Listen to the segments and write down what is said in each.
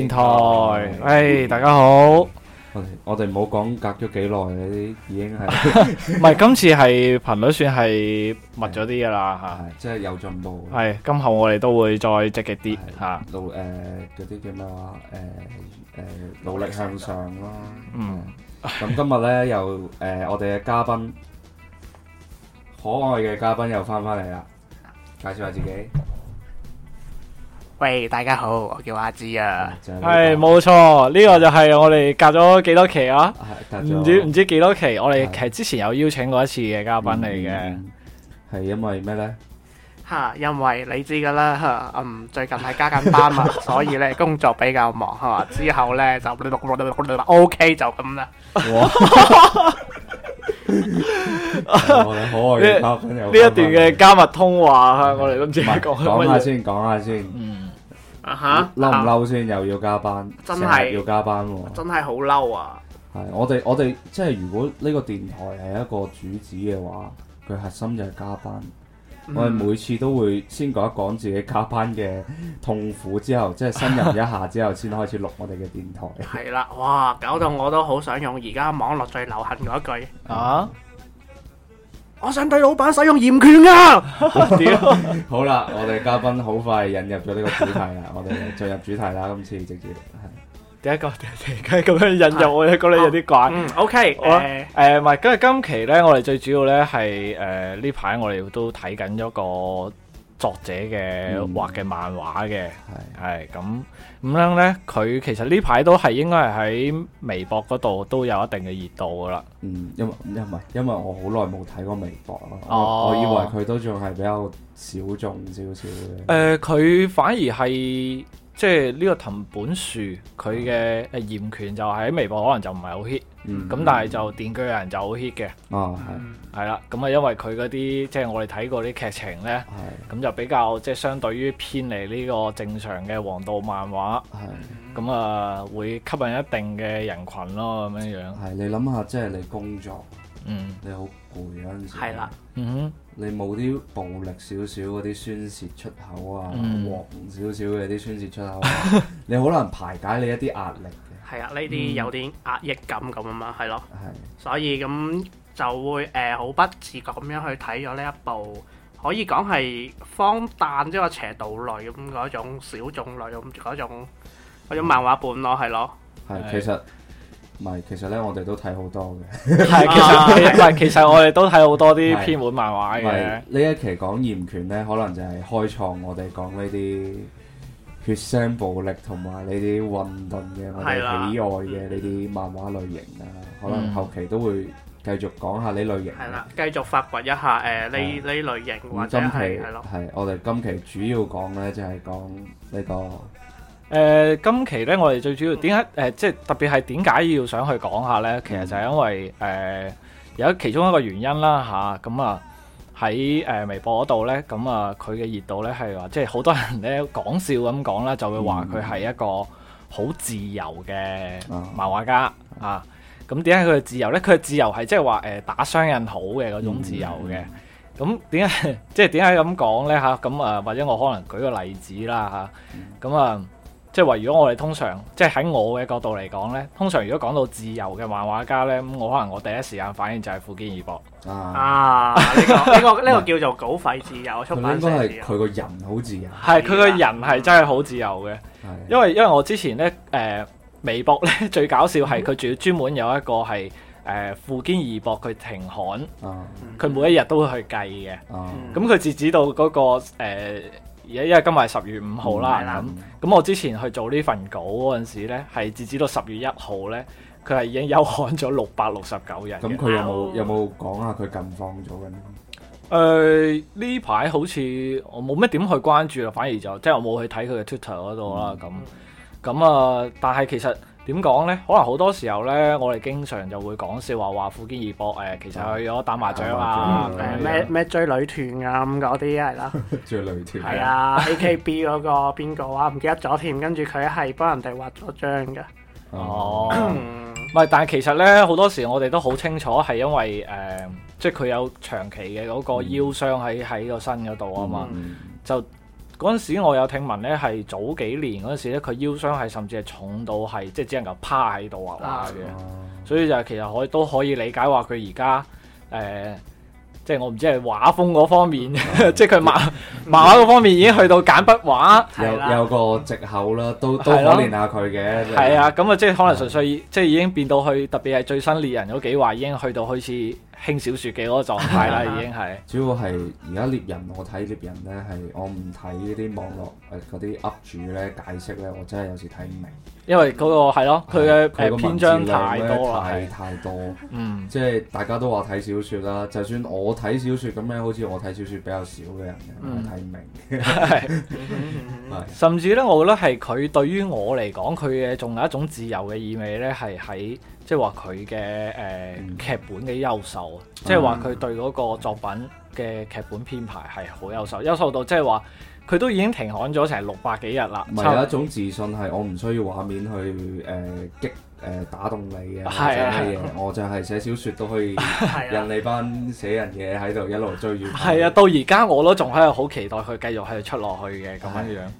電台，誒，大家好，我哋唔好講隔咗幾耐，嗰啲已經係，唔係今次係頻率算係密咗啲噶啦，吓，即係有進步，係，今後我哋都會再積極啲，吓，努誒嗰啲叫咩話，誒誒努力向上咯，嗯，咁今日咧又誒我哋嘅嘉賓，可愛嘅嘉賓又翻翻嚟啦，介紹下自己。喂，大家好，我叫阿芝啊。係冇錯，呢個就係我哋隔咗幾多期啊？唔知唔知幾多期？我哋其實之前有邀請過一次嘅嘉賓嚟嘅，係因為咩咧？吓，因為你知噶啦，嗯，最近係加緊班嘛，所以咧工作比較忙吓，之後咧就 OK 就咁啦。哇！好啊，嘉賓又呢一段嘅加密通話，我哋都唔知講下先，講下先。嚇嬲唔嬲先？又要加班，真日的要加班喎，真係好嬲啊！係、啊、我哋我哋即係如果呢個電台係一個主旨嘅話，佢核心就係加班。嗯、我哋每次都會先講一講自己加班嘅痛苦之後， 即係呻吟一下之後，先開始錄我哋嘅電台。係啦， 哇！搞到我都好想用而家網絡最流行嗰句啊！Uh huh. 我想對老板使用言權啊！ 樣 好啦，我哋嘉賓好快引入咗呢個主題啦， 我哋進入主題啦，今次直接。第一個點解咁樣引入我？我哋覺得有啲怪。嗯，OK，好啦。誒，唔係，咁啊，今期咧，我哋最主要咧係誒呢排、呃、我哋都睇緊咗個。作者嘅、嗯、畫嘅漫畫嘅，係係咁咁樣咧，佢其實呢排都係應該係喺微博嗰度都有一定嘅熱度噶啦。嗯，因因為因為我好耐冇睇過微博啦，哦、我以為佢都仲係比較小眾少少嘅。誒、呃，佢反而係。即係呢個藤本樹佢嘅誒炎拳就喺微博可能就唔係好 hit，咁但係就電鋸人就好 hit 嘅。哦、啊，係，係啦，咁啊，因為佢嗰啲即係我哋睇過啲劇情咧，咁的就比較即係相對於偏離呢個正常嘅王道漫畫，咁的啊會吸引一定嘅人群咯，咁樣樣。係，你諗下，即係你工作，嗯，你好攰嗰陣時的。係啦的，嗯哼。你冇啲暴力少少嗰啲宣泄出口啊，嗯、黃少少嘅啲宣泄出口、啊， 你好難排解你一啲壓力嘅。係啊，呢啲有啲壓抑感咁啊嘛，係、嗯、咯。係。所以咁就會誒好、呃、不自覺咁樣去睇咗呢一部，可以講係荒誕，即係邪道類咁嗰種小眾類咁嗰種嗰、嗯、種漫畫本、啊、咯，係咯。係，其實。唔係，其實咧我哋都睇好多嘅。係，其實唔係，其實我哋都睇好多啲偏門漫畫嘅。呢一期講嚴權咧，可能就係開創我哋講呢啲血腥暴力同埋呢啲混沌嘅我哋喜愛嘅呢啲漫畫類型啦。可能後期都會繼續講下呢類型。係啦，繼續發掘一下誒呢呢類型或者係咯。係，我哋今期主要講咧就係講呢個。誒、呃、今期咧，我哋最主要點解誒，即係特別係點解要想去講下咧？其實就係因為誒、呃、有其中一個原因啦吓，咁啊喺誒、嗯呃、微博嗰度咧，咁啊佢嘅熱度咧係話，即係好多人咧講笑咁講啦，就會話佢係一個好自由嘅漫畫家啊。咁點解佢嘅自由咧？佢嘅自由係即係話誒打商人好嘅嗰種自由嘅。咁點解即係點解咁講咧吓，咁啊，啊，或者我可能舉個例子啦吓，咁啊。啊啊啊啊即係話，如果我哋通常，即係喺我嘅角度嚟講呢，通常如果講到自由嘅漫畫家呢，我、嗯嗯嗯、可能我第一時間反應就係富堅義博啊！呢、 啊這個呢、這個叫做稿費自由是出版商自由。佢應該係佢個人好自由。係佢個人係真係好自由嘅，因為因為我之前呢，誒、呃、微博呢最搞笑係佢仲要專門有一個係誒富堅義博佢停刊，佢、嗯、每一日都會去計嘅。咁佢截止到嗰個而因為今日係十月五號啦，咁咁、嗯嗯、我之前去做呢份稿嗰陣時咧，係截止到十月一號咧，佢係已經、嗯、休刊咗六百六十九人。咁佢、oh. 有冇有冇講下佢近況咗嘅咧？呢排、呃、好似我冇乜點去關注啦，反而就即係我冇去睇佢嘅 Twitter 嗰度啦。咁咁啊，但係其實。點講咧？可能好多時候咧，我哋經常就會講笑話話富堅義博誒，其實去咗打麻將啊，誒咩咩追女團啊咁嗰啲係啦。 追女團的。係啊，A K B 嗰個邊、邊個啊？唔記得咗添。跟住佢係幫人哋畫咗張噶。哦。唔係， 但係其實咧，好多時我哋都好清楚係因為誒、呃，即係佢有長期嘅嗰個腰傷喺喺個身嗰度啊嘛。嗯、就。嗰陣時我有聽聞咧，係早幾年嗰陣時咧，佢腰傷係甚至係重到係即係只能夠趴喺度畫畫嘅，嗯、所以就其實可以都可以理解話佢而家誒，即係我唔知係畫風嗰方面，嗯、 即係佢畫畫嗰方面已經去到簡筆畫。有啦有個藉口啦，都都可憐下佢嘅。係啊啦，咁啊、就是、即係可能純粹即係啦已經變到去，特別係最新獵人嗰幾話已經去到開始，輕小說嘅嗰個狀態啦， 已經係主要係而家獵人，我睇獵人咧係我唔睇呢啲網絡誒嗰啲 up 主咧解釋咧，我真係有時睇唔明。因為嗰、嗰個係咯，佢嘅篇章太多，太太多，嗯，即係大家都話睇小說啦。就算我睇小說咁樣，好似我睇小說比較少嘅人，我睇唔明。嗯 甚至咧，我覺得係佢對於我嚟講，佢嘅仲有一種自由嘅意味咧，係喺即係話佢嘅誒劇本嘅優秀，即係話佢對嗰個作品嘅劇本編排係好優秀，優秀到即係話佢都已經停刊咗成六百幾日啦。有一種自信係我唔需要畫面去誒、呃、激誒、呃、打動你嘅，或者咩嘢是、啊、 我就係寫小說都可以人哋班寫人嘢喺度一路追住。係啊，嗯、啊到而家我都仲喺度好期待佢繼續喺度出落去嘅咁樣樣、啊。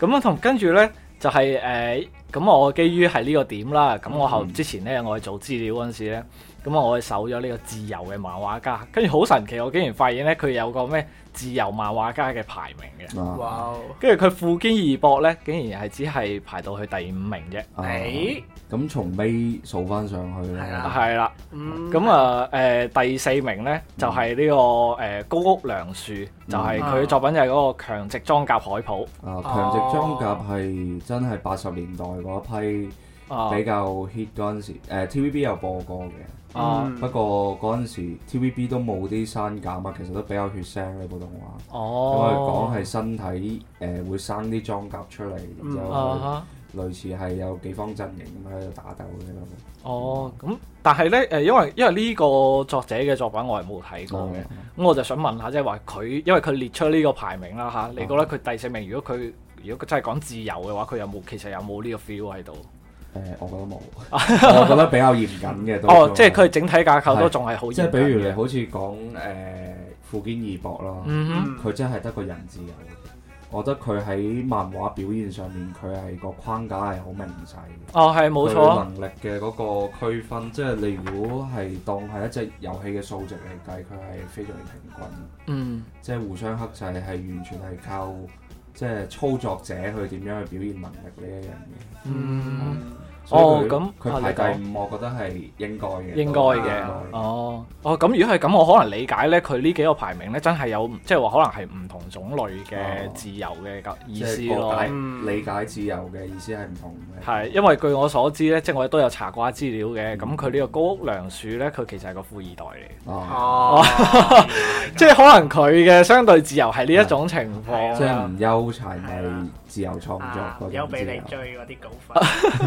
咁樣同跟住咧就係誒咁我基於係呢個點啦，咁我後之前咧我去做資料嗰陣時咧，咁我我去搜咗呢個自由嘅漫畫家，跟住好神奇，我竟然發現咧佢有個咩自由漫畫家嘅排名嘅，哇！跟住佢富堅義博咧，竟然係只係排到去第五名啫。Oh. Hey. 咁從尾數翻上去咧，係啦的，咁啊、嗯，誒、呃、第四名咧、嗯、就係呢、這個誒、呃、高屋梁樹，嗯、就係佢作品就係嗰個強殖裝甲海普。啊！強殖裝甲係真係八十年代嗰一批比較 hit 嗰陣時、啊呃、TVB 有播過嘅。啊、嗯！不過嗰陣時 TVB 都冇啲刪減啊，其實都比較血腥咧，普通話。哦。講係身體誒、呃、會生啲裝甲出嚟，嗯啊類似係有幾方陣營咁喺度打鬥嘅咯。哦，咁但係咧誒，因為因為呢個作者嘅作品我係冇睇過嘅，咁、嗯、我就想問下，即係話佢，因為佢列出呢個排名啦嚇，嗯、你覺得佢第四名，如果佢如果真係講自由嘅話，佢有冇其實有冇呢個 feel 喺度？誒、嗯，我覺得冇， 我覺得比較嚴謹嘅都。 對哦，即係佢整體架構都仲係好嚴謹。即係比如你好似講誒《富、呃、堅義博咯》啦、嗯哼，佢真係得個人自由。我覺得佢喺漫畫表現上面，佢係個框架係好明細嘅。哦，係冇錯。能力嘅嗰個區分，即係你如果係當係一隻遊戲嘅數值嚟計，佢係非常之平均。嗯。即係互相克制，係完全係靠即係、就是、操作者去點樣去表現能力呢一樣嘢。嗯。嗯哦，咁佢排第五，我覺得係應該嘅，應該嘅，哦，哦，咁如果係咁，我可能理解咧，佢呢幾個排名咧，真係有，即係話可能係唔同種類嘅自由嘅意思咯。理解自由嘅意思係唔同嘅。係，因為據我所知咧，即係我都有查過資料嘅，咁佢呢個高屋梁樹咧，佢其實係個富二代嚟。哦，即係可能佢嘅相對自由係呢一種情況，即係唔憂柴米。自由創作有俾你追嗰啲稿費，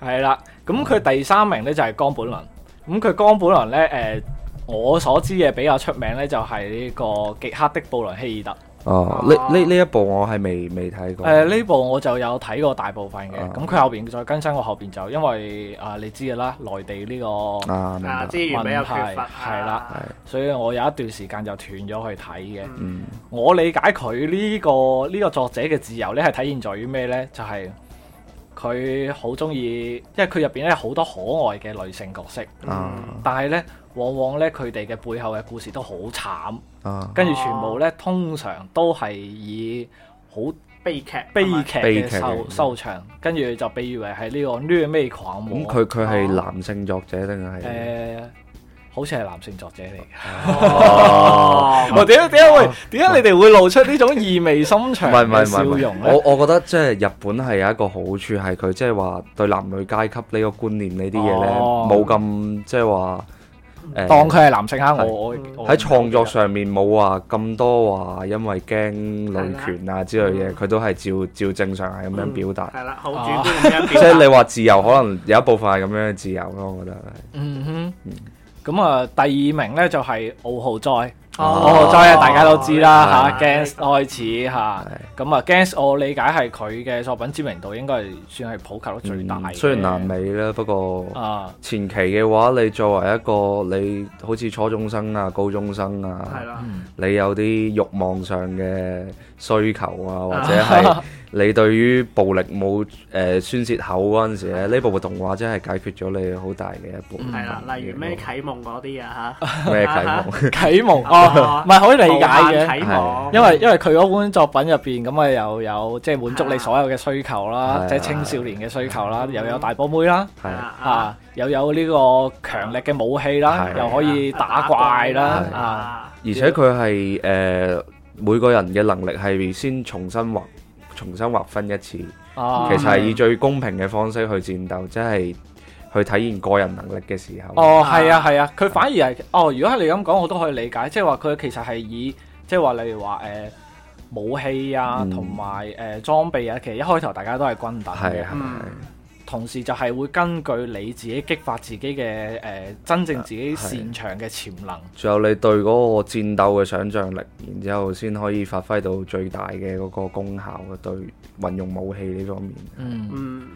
係啦、啊。咁佢 第三名咧就係江本倫。咁佢江本倫咧，誒、呃，我所知嘅比較出名咧就係呢、這個極黑的布倫希爾特。哦，呢呢、oh, 啊、一部我係未未睇過。誒、呃，呢部我就有睇過大部分嘅，咁佢、啊、後邊再更新，我後邊就因為啊，你知嘅啦，內地呢個問題，啊資源比較缺乏，係啦，了是所以我有一段時間就斷咗去睇嘅。嗯、我理解佢呢、呢個呢、呢個作者嘅自由呢係體現在於咩呢？就係佢好中意，因為佢入邊咧好多可愛嘅女性角色，嗯、但係呢。往往咧，佢哋嘅背後嘅故事都好慘，啊，跟住全部咧，通常都係以好悲劇、悲劇嘅收收場，跟住就被譽為係呢個撩妹狂魔。咁佢佢係男性作者定係？誒、呃，好似係男性作者嚟嘅。哦，點解點解會點解你哋會露出呢種意味深長唔係唔係唔係笑容咧？ 唔係唔係唔係唔係我我覺得即係日本係有一個好處係佢即係話對男女階級呢個觀念呢啲嘢咧冇咁即係話。當佢係男性，啊、欸！我喺是我創作上面冇話咁多話，因為驚女權啊之類嘢，佢的都係照照正常咁樣表達。係啦、嗯，好即係你話自由，可能有一部分係咁樣嘅自由咯，我覺得。嗯哼，咁啊、嗯，第二名呢，就係、是、敖浩哉。哦，哦再大家都知啦吓白、啊、Gans 開始吓，咁的啊 Gans 我理解係佢嘅作品知名度應該算係普及得最大、嗯，雖然南美啦，不過前期嘅話，你作為一個你好似初中生啊、高中生啊，係啦的，你有啲欲望上嘅需求啊，或者係你對於暴力冇誒宣泄口嗰陣時，咧，呢部 部動畫真係解決咗你好大嘅一部，係啦，例如咩啟蒙嗰啲啊吓，咩啟蒙？啟 蒙、啊唔係可以理解嘅，因為因為佢嗰本作品入邊咁啊又有即係滿足你所有嘅需求啦，即係青少年嘅需求啦，又有大波妹啦，係啊，又有呢個強力嘅武器啦，又可以打怪啦，啊，而且佢係誒每個人嘅能力係先重新劃重新劃分一次，其實係以最公平嘅方式去戰鬥，即係。去體現個人能力嘅時候，哦，係啊，係啊，佢反而係、啊、哦。如果係你咁講，我都可以理解，即係話佢其實係以，即係話例如話、呃、武器啊，同埋誒裝備啊，其實一開頭大家都係均等嘅，係咪、啊啊嗯？同時就係會根據你自己激發自己嘅誒、呃、真正自己擅長嘅潛能，仲、啊啊、有你對嗰個戰鬥嘅想像力，然之後先可以發揮到最大嘅嗰個功效嘅，對，運用武器呢方面。啊、嗯。嗯。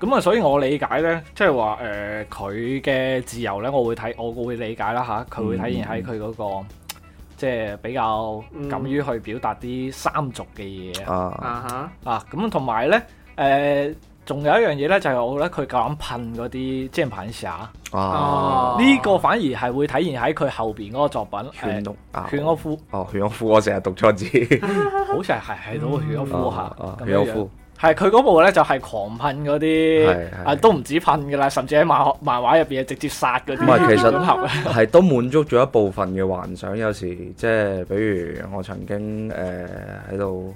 咁啊，所以我理解咧，即係話誒，佢嘅自由咧，我會睇，我會理解啦吓，佢會體現喺佢嗰個即係比較敢於去表達啲三俗嘅嘢啊啊吓啊，咁同埋咧誒，仲有一樣嘢咧，就係我咧，佢敢噴嗰啲即 a m e s 啊，呢個反而係會體現喺佢後邊嗰個作品《犬屋犬屋敷》哦，《犬屋敷》我成日讀錯字，好似係係嗰個《犬屋敷》吓，《犬屋係佢嗰部咧就係、是、狂噴嗰啲，是是啊都唔止噴噶啦，甚至喺漫漫畫入邊直接殺嗰啲組合，係 都滿足咗一部分嘅幻想。有時即係，比如我曾經誒喺度，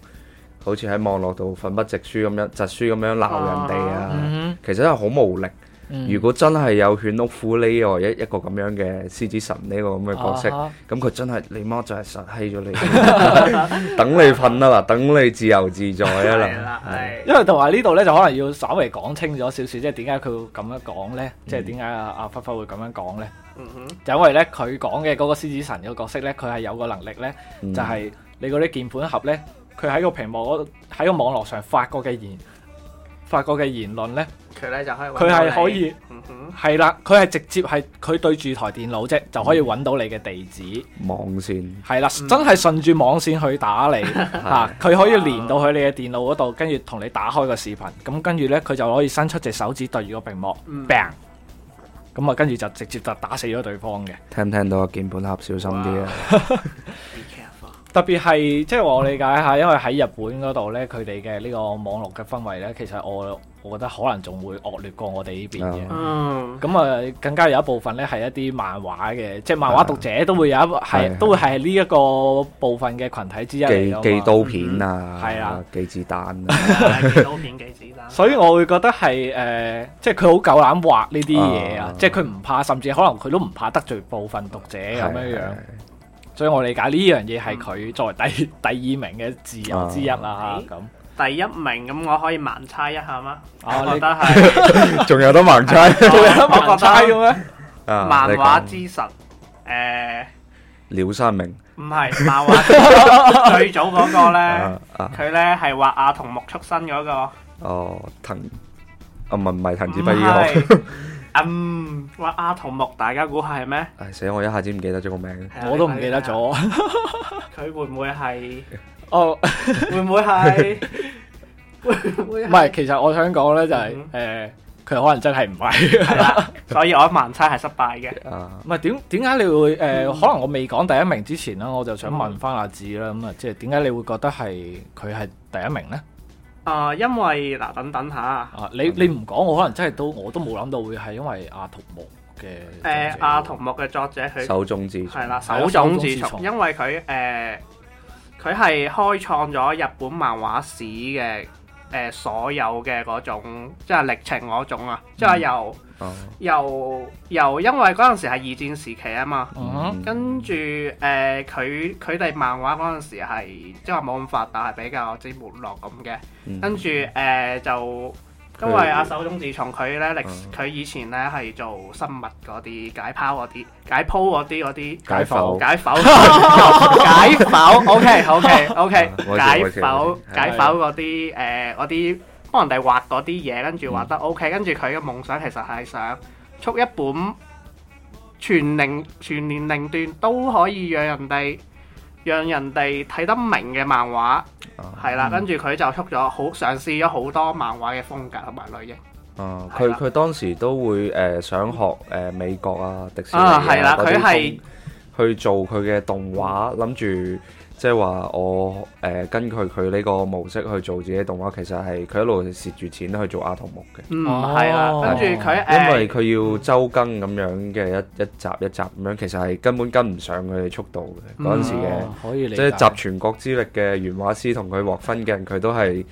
好似喺網絡度奮筆疾書咁樣，疾書咁樣鬧人哋啊，啊嗯、其實真係好無力。如果真係有犬屋夫呢一一個咁樣嘅獅子神呢個咁嘅角色，咁佢、uh huh. 真係你媽就係神欺咗你， 等你瞓啦 等你自由自在啊嗱， 因為同埋呢度咧就可能要稍微講清咗少少，即係點解佢會咁樣講咧，即係點解阿阿狒狒會咁樣講咧？就是、為為因為咧佢講嘅嗰個獅子神個角色咧，佢係有個能力咧，就係你嗰啲鍵盤俠咧，佢喺個屏幕嗰喺個網絡上發過嘅言。法國嘅言論呢，佢呢就可以，佢係可以，係啦，佢係直接係佢對住台電腦啫，就可以揾到你嘅、嗯、哼地址。網綫係啦，嗯、真係順住網綫去打你吓，佢、嗯啊、可以連到去你嘅電腦嗰度，跟住同你打開個視頻，咁跟住呢，佢就可以伸出隻手指對住個屏幕，bang，咁啊跟住就直接就打死咗對方嘅。聽唔聽到啊？鍵盤俠，小心啲啊！哇 特別係即係我理解下，因為喺日本嗰度咧，佢哋嘅呢個網絡嘅氛圍咧，其實我我覺得可能仲會惡劣過我哋呢邊嘅。嗯，咁啊，更加有一部分咧係一啲漫畫嘅，即係漫畫讀者都會有一係的都會係呢一個部分嘅群體之一嚟嘅。寄刀片啊，係啊，寄子彈。寄刀片，寄子彈。所以我會覺得係誒、呃，即係佢好夠膽畫呢啲嘢啊！即係佢唔怕，甚至可能佢都唔怕得罪部分讀者咁樣樣。的所以我理解呢樣嘢係佢作為第第二名嘅自由之一啦吓咁。啊、第一名咁我可以盲猜一下嗎？哦、我覺得係，仲 有得盲猜，仲 有得盲猜嘅咩？啊、漫畫之神，誒、呃，鳥山明，唔係漫畫，最早嗰個咧，佢咧係畫阿童木出身嗰個。哦，藤，啊唔係唔係藤子不二是雄。 嗯，話阿童木，大家估係咩？唉，死我一下子唔記，的記得咗個名，我都唔記得咗。佢會唔會係？哦、oh. 會唔會係？唔係，其實我想講咧，就係、是、誒，佢、mm hmm. 呃、可能真係唔係，所以我一盲猜係失敗嘅。唔係點點解你會誒、呃？可能我未講第一名之前咧，我就想問翻阿智啦。咁、hmm. 啊，即係點解你會覺得係佢係第一名咧？啊，uh, 因為嗱，等等嚇。啊，uh，你你唔講，我可能真係都我都冇諗到會係因為阿童木嘅。誒，阿童木嘅作者佢、uh,。手塚治虫係啦。手塚治虫。因為佢誒，佢、呃、係開創咗日本漫畫史嘅誒、呃，所有嘅嗰種即係歷程嗰種啊，即係由。嗯又又因為嗰陣時係二戰時期啊嘛，跟住誒佢佢哋漫畫嗰陣時係即係話冇咁發達，係比較之係沒落咁嘅。跟住誒就因為阿守中自從佢咧，佢以前咧係做生物嗰啲解剖嗰啲解剖嗰啲嗰啲解剖解剖解剖，OK OK OK 解剖解剖嗰啲誒嗰啲。幫人哋畫嗰啲嘢，跟住畫得 OK，跟住佢嘅夢想其實係想出一本全齡全年齡段都可以讓人哋讓人哋睇得明嘅漫畫，係啦。跟住佢就出咗好嘗試咗好多漫畫嘅風格同埋類型。啊！佢佢當時都會誒想學誒美國啊迪士尼啊，係啦，佢係，去做佢嘅動畫，諗住。即係話我誒、呃、根據佢呢個模式去做自己動畫，其實係佢一路蝕住錢去做阿童木嘅。嗯係啊，啊哦、跟住佢因為佢要周更咁樣嘅一一集一集咁樣，其實係根本跟唔上佢嘅速度嘅嗰陣時嘅，嗯、可以即係集全國之力嘅原畫師同佢獲分嘅人，佢的都係。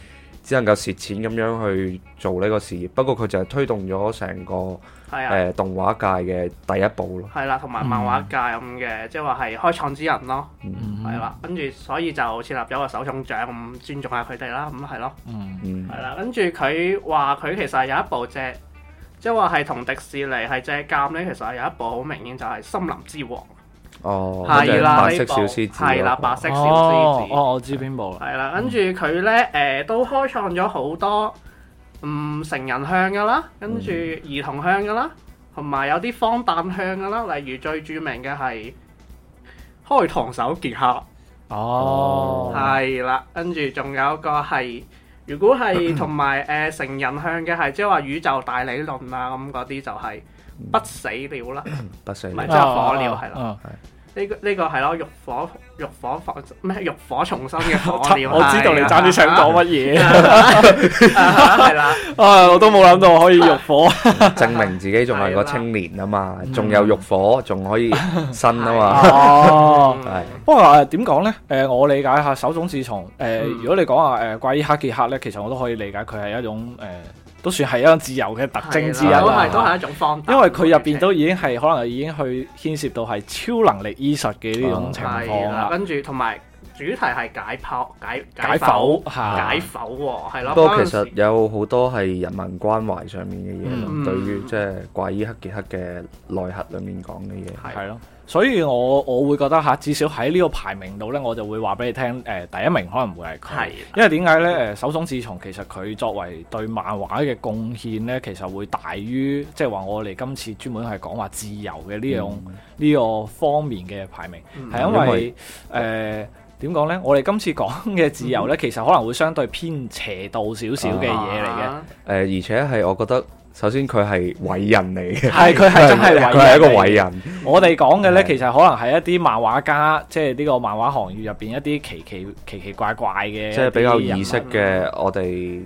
只能夠蝕錢咁樣去做呢個事業，不過佢就係推動咗成個誒、啊呃、動畫界嘅第一步咯。係啦、啊，同埋漫畫界咁嘅，mm hmm. 即係話係開創之人咯，係啦、mm。跟、hmm. 住、啊、所以就設立咗個首創獎咁，尊重下佢哋啦，咁係咯，係啦、啊。跟住佢話佢其實有一部借，即係話係同迪士尼係借鑑咧，其實係有一部好明顯就係《森林之王》。哦，係啦，白色小獅子，係啦，白色小獅子，哦，我知邊部啦，係啦，跟住佢咧，誒，都開創咗好多，嗯，成人向噶啦，跟住兒童向噶啦，同埋有啲荒誕向噶啦，例如最著名嘅係開膛手傑克，哦，係啦，跟住仲有個係，如果係同埋誒成人向嘅係，即係話宇宙大理論啊咁嗰啲就係不死鳥啦，不死，即係火鳥係啦，係。呢、這個呢、這個係咯，浴火浴火復咩？浴火，火重生嘅火鳥 我知道你爭啲想講乜嘢，係啦。啊，我都冇諗到可以浴火， 證明自己仲係個青年啊嘛，仲有浴火，仲可以生啊嘛。哦，係。不過誒，點講咧？誒、呃，我理解下首，首種自從誒，如果你講話，誒、呃，怪醫黑傑克咧，其實我都可以理解佢係一種誒。呃都算係一種自由嘅特徵之一，都係都係一種方法。的因為佢入邊都已經係可能已經去牽涉到係超能力醫術嘅呢種情況啦。跟住同埋主題係解剖解解剖，解剖喎，係咯否。不過的其實有好多係人民關懷上面嘅嘢咯，嗯、對於即係怪醫黑傑克嘅內核裡面講嘅嘢係咯。的所以我我會覺得嚇，至少喺呢個排名度呢，我就會話俾你聽。誒、呃、第一名可能會係佢，的因為點解咧？手塚治虫其實佢作為對漫畫嘅貢獻呢，其實會大於即係話我哋今次專門係講話自由嘅呢種呢個、嗯、方面嘅排名，係、嗯、因為誒點講呢？我哋今次講嘅自由呢，嗯、其實可能會相對偏邪道少少嘅嘢嚟嘅。而且係我覺得。首先佢係偉人嚟嘅，係佢係真係佢係，一個偉人。我哋講嘅呢，其實可能係一啲漫畫家，即係呢個漫畫行業入邊一啲奇奇奇奇怪怪嘅，即係比較異色嘅。我哋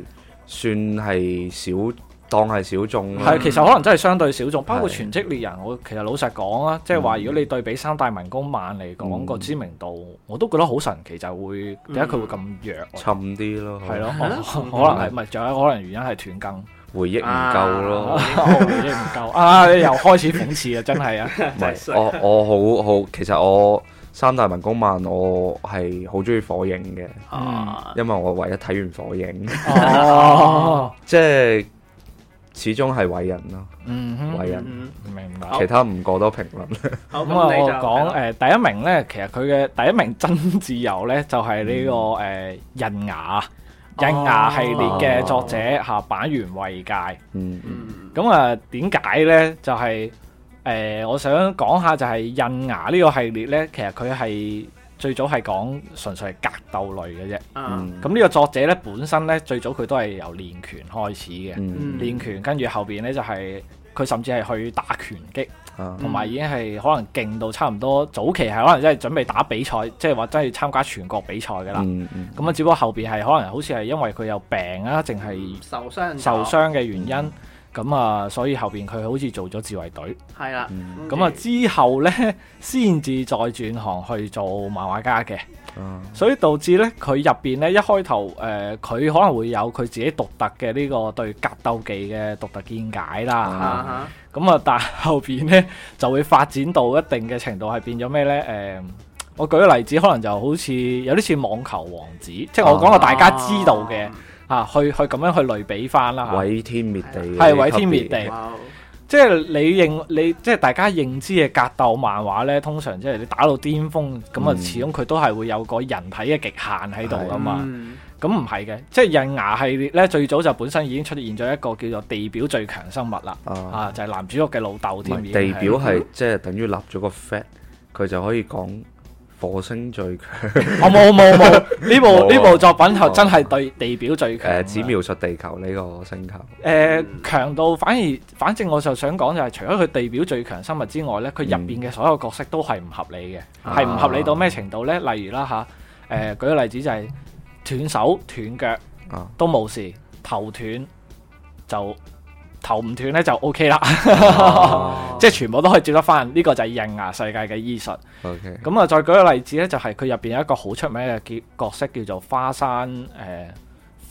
算係小，當係小眾啦。係，其實可能真係相對小眾。包括全職獵人，我其實老實講啊，即係話如果你對比三大民工漫嚟講個知名度，我都覺得好神奇，就係會點解佢會咁弱？沉啲咯，係咯，可能係咪仲有可能原因係斷更？回憶唔夠咯，回憶唔夠啊！你又開始諷刺啊，真係啊！唔係我我好好，其實我三大民工漫我係好中意火影嘅，因為我唯一睇完火影，即係始終係偉人咯，嗯，偉人，明白。其他唔過多評論。咁啊，我講誒，第一名咧，其實佢嘅第一名真自由咧，就係呢個誒人牙。印牙系列嘅作者吓板垣惠介。嗯嗯，咁啊點解呢？就係、是、誒、呃，我想講下就係印牙呢個系列呢，其實佢係最早係講純粹係格鬥類嘅啫。咁呢、um, 嗯、個作者呢，本身呢，最早佢都係由練拳開始嘅，練、um, 拳跟住後邊呢，就係、是。佢甚至係去打拳擊，同埋、啊、已經係可能勁到差唔多，早期係可能真係準備打比賽，即係話真係參加全國比賽嘅啦。咁啊、嗯，嗯、只不過後邊係可能好似係因為佢有病啊，淨係受傷受傷嘅原因。嗯咁啊、嗯，所以後邊佢好似做咗自衛隊，係啦、嗯。咁啊、嗯、之後呢，先至再轉行去做漫畫家嘅。嗯、所以導致呢，佢入邊呢一開頭誒，佢、呃，可能會有佢自己獨特嘅呢個對格鬥技嘅獨特見解啦。咁啊、嗯，嗯、但後邊呢，就會發展到一定嘅程度，係變咗咩呢？誒、呃，我舉個例子，可能就好似有啲似網球王子，即係我講個大家知道嘅。嗯啊，去去咁樣去類比翻啦，毀天滅地，地，係毀天滅地，即係你認你即係大家認知嘅格鬥漫畫咧，通常即係你打到巔峰，咁啊，始終佢都係會有個人體嘅極限喺度噶嘛，咁唔係嘅，即係刃牙系列咧，最早就本身已經出現咗一個叫做地表最強生物啦，啊，啊就係、是、男主角嘅老豆添，地表係即係等於立咗個 fat，佢就可以講。火星最強、 哦？我冇冇冇，呢部呢 部作品就真係對地表最強。誒、哦，只、呃、描述地球呢、這個星球。誒、呃，強度反而，反正我就想講就係，除咗佢地表最強生物之外呢，佢入邊嘅所有角色都係唔合理嘅，係唔、嗯、合理到咩程度呢？啊、例如啦吓，誒、呃，舉個例子就係斷手斷腳、啊、都冇事，頭斷就。頭唔斷咧就 OK 啦 ，oh. 即係全部都可以接得翻。呢、呢個就係刃牙世界嘅醫術。咁啊，再舉個例子呢，就係佢入邊有一個好出名嘅角色叫做花山誒、呃、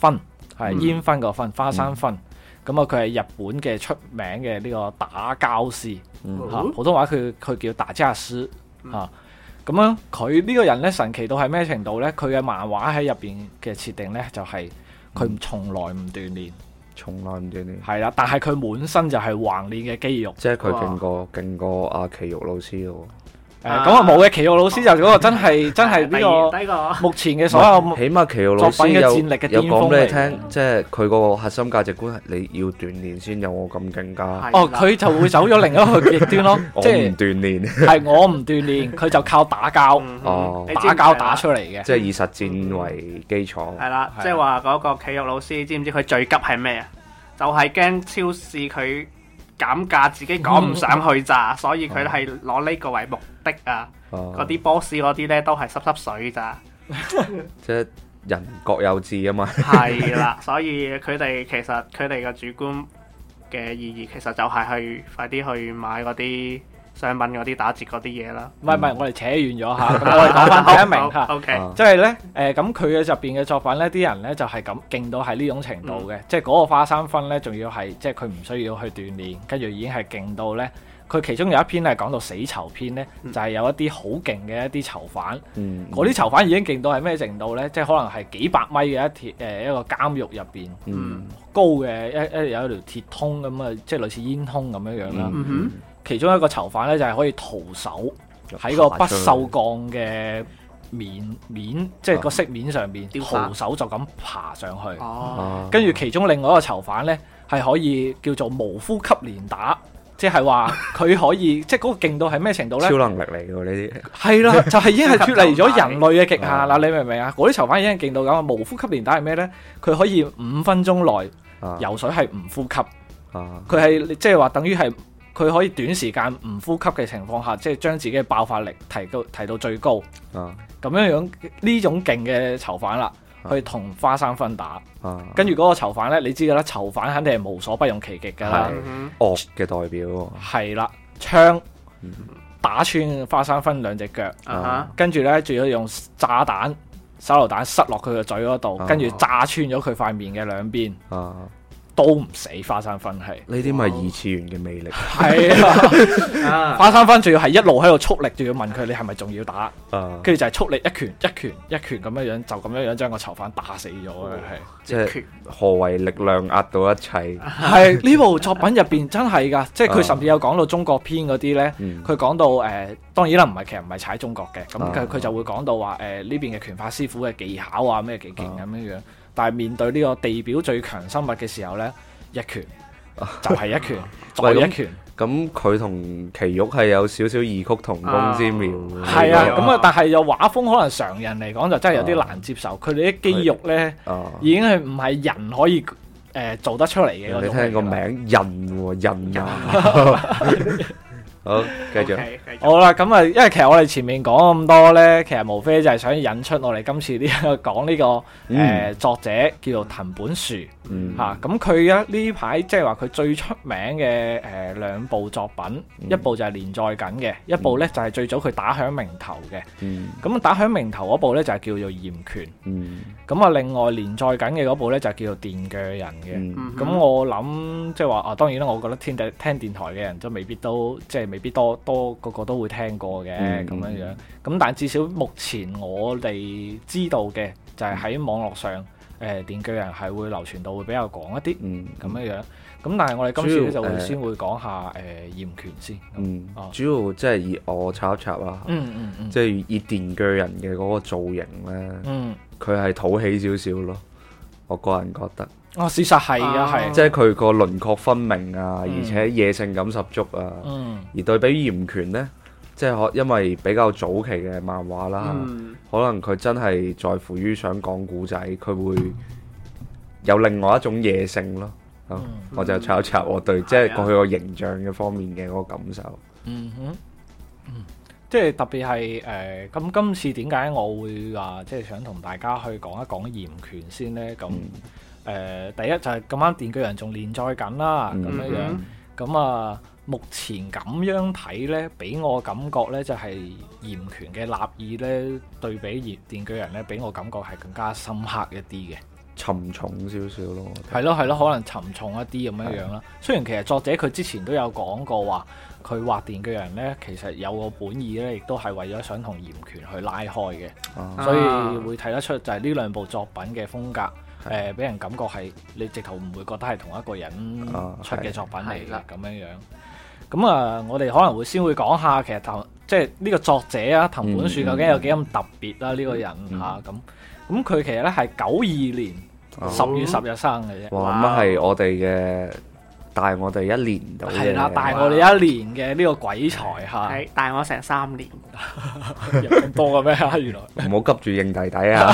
薰，係、mm. 煙薰個薰，花山薰。咁啊，佢係日本嘅出名嘅呢個打跤師、mm. 普通話佢佢叫打跤師嚇。咁樣佢呢個人呢，神奇到係咩程度呢？佢嘅漫畫喺入邊嘅設定呢，就係佢從來唔鍛鍊。重拉唔知點？係啦，但係佢本身就係橫練嘅肌肉，即係佢勁過勁過阿奇玉老師咯。咁啊冇嘅，體育老師就嗰個真係真係呢個目前嘅所有作品嘅戰力嘅巔峯嚟。即係佢個核心價值觀係你要鍛鍊先有我咁勁㗎。哦，佢就會走咗另一個極端咯。即係唔鍛鍊，係我唔鍛鍊，佢就靠打交，打交打出嚟嘅，即係以實戰為基礎。係啦，即係話嗰個體育老師，你知唔知佢最急係咩啊？就係驚超市佢。減價自己講唔上去咋，所以佢係攞呢個為目的啊。嗰啲 boss 嗰啲呢都係濕濕水咋。即係人各有志啊嘛。 係啦，所以佢哋其實佢哋嘅主觀嘅意義，其實就係去快啲去買嗰啲。想問嗰啲打折嗰啲嘢啦，唔係唔係，我哋扯遠咗嚇，咁我哋講翻第一名嚇。O K，即係咧誒，咁佢嘅入邊嘅作品咧，啲人咧就係咁勁到係呢種程度嘅、嗯，即係嗰個花三分咧，仲要係即係佢唔需要去鍛鍊，跟住已經係勁到咧，佢其中有一篇係講到死囚篇咧，就係、是、有一啲好勁嘅一啲囚犯，嗰啲、嗯、囚犯已經勁到係咩程度咧？即係可能係幾百米嘅一鐵誒一個監獄入邊，嗯、高嘅一一有一條鐵通咁啊，即係類似煙囪咁樣樣啦。嗯嗯嗯。其中一個囚犯咧，就係、是、可以徒手喺個不鏽鋼嘅面面，即係個飾面上面，徒手就咁爬上去。哦、啊，跟住其中另外一個囚犯咧，係可以叫做無呼吸連打，即係話佢可以， 即係嗰個勁度係咩程度咧？超能力嚟嘅喎呢啲。係啦， 就係、是、已經係脱離咗人類嘅極限啦。 啊、你明唔明啊？嗰啲囚犯已經勁到咁啊！無呼吸連打係咩咧？佢可以五分鐘內游水係唔呼吸。啊，佢係即係話等於係。佢可以短時間唔呼吸嘅情況下，即係將自己嘅爆發力提高提到最高。啊，咁樣樣呢種勁嘅囚犯啦，啊、去同花生分打。啊，跟住嗰個囚犯呢，你知道啦，囚犯肯定係無所不用其極㗎啦。惡嘅代表。係啦，槍打穿花生分兩隻腳。啊啊、跟住呢，仲要用炸彈、手榴彈塞落佢個嘴嗰度，跟住炸穿咗佢塊面嘅兩邊。啊。都唔死，花生分係呢啲咪二次元嘅魅力？係 啊， 花生分仲要係一路喺度蓄力，仲要問佢你係咪仲要打？跟住、啊、就係蓄力一拳一拳一拳咁樣樣，就咁樣樣將個囚犯打死咗嘅係。即係何為力量壓到一切？係呢 部作品入邊真係噶，即係佢甚至有講到中國篇嗰啲呢，佢講、嗯、到誒、呃，當然啦，唔係其實唔係踩中國嘅，咁佢佢就會講到話誒呢邊嘅拳法師傅嘅技巧啊咩幾勁咁樣樣。但係面對呢個地表最強生物嘅時候呢，一拳就係、是、一拳， 再一拳。咁佢同奇玉係有少少異曲同工之妙。係啊、uh, 的，咁啊，但係又畫風可能常人嚟講就真係有啲難接受。佢哋啲肌肉呢，uh, 已經係唔係人可以誒、呃、做得出嚟嘅。你聽個名，人喎、哦、人啊！ 好，繼續。Okay, 繼續好啦，咁啊，因為其實我哋前面講咁多咧，其實無非就係想引出我哋今次呢、這個講呢、這個誒、嗯呃、作者叫做藤本樹吓，咁佢、嗯、啊呢排即係話佢最出名嘅誒兩部作品，嗯、一部就係連載緊嘅，一部咧就係最早佢打響名頭嘅。咁、嗯嗯、打響名頭嗰部咧就係叫做《炎拳》嗯，咁啊、嗯、另外連載緊嘅嗰部咧就係叫做電鋸《電鋸人》嘅。咁我諗即係話啊，當然啦，我覺得聽第聽,聽電台嘅人,人都未必都,未必都即係。未必多多個個都會聽過嘅咁樣樣，咁但係至少目前我哋知道嘅就係喺網絡上，誒、嗯呃、電鋸人係會流傳到會比較廣一啲，嗯，咁樣樣。咁但係我哋今次就會先會講下誒嚴權先，嗯，主要即係以我插一插啦，嗯嗯嗯，即係以電鋸人嘅嗰個造型咧，嗯，佢係討喜少少咯，我個人覺得。哦，事實係啊，係、啊，是即係佢個輪廓分明啊，嗯、而且野性感十足啊。嗯，而對比嚴權呢，即係可因為比較早期嘅漫畫啦，嗯、可能佢真係在乎於想講故仔，佢會有另外一種野性咯。嗯、我就查一查我對即係、嗯、過去個形象嘅方面嘅嗰個感受。嗯哼。嗯即係特別係誒，咁今次點解我會話即係想同大家去講一講嚴權先呢？咁誒、呃、第一就係咁啱電鋸人仲連載緊啦，咁、mm hmm. 樣咁啊，目前咁樣睇呢，俾我感覺呢，就係嚴權嘅立意呢，對比葉電鋸人呢，俾我感覺係更加深刻一啲嘅。沉重少少咯，係咯，係咯，可能沉重一啲咁樣樣啦。啊、雖然其實作者佢之前都有講過話，佢畫電鋸人呢，其實有個本意呢，亦都係為咗想同炎拳去拉開嘅，啊、所以會睇得出就係呢兩部作品嘅風格，誒、啊，俾、呃、人感覺係你直頭唔會覺得係同一個人出嘅作品嚟，啦咁樣樣。咁啊、啊呃、我哋可能會先會講下，其實藤即係呢個作者啊，藤本樹究竟有幾咁特別啦，呢個人吓咁。嗯嗯嗯嗯咁佢其實咧係九二年十月十日生嘅啫，咁係我哋嘅大我哋一年到，係啦大我哋一年嘅呢個鬼才吓，大我成三年，有咁多嘅咩？原來唔好急住認弟弟啊！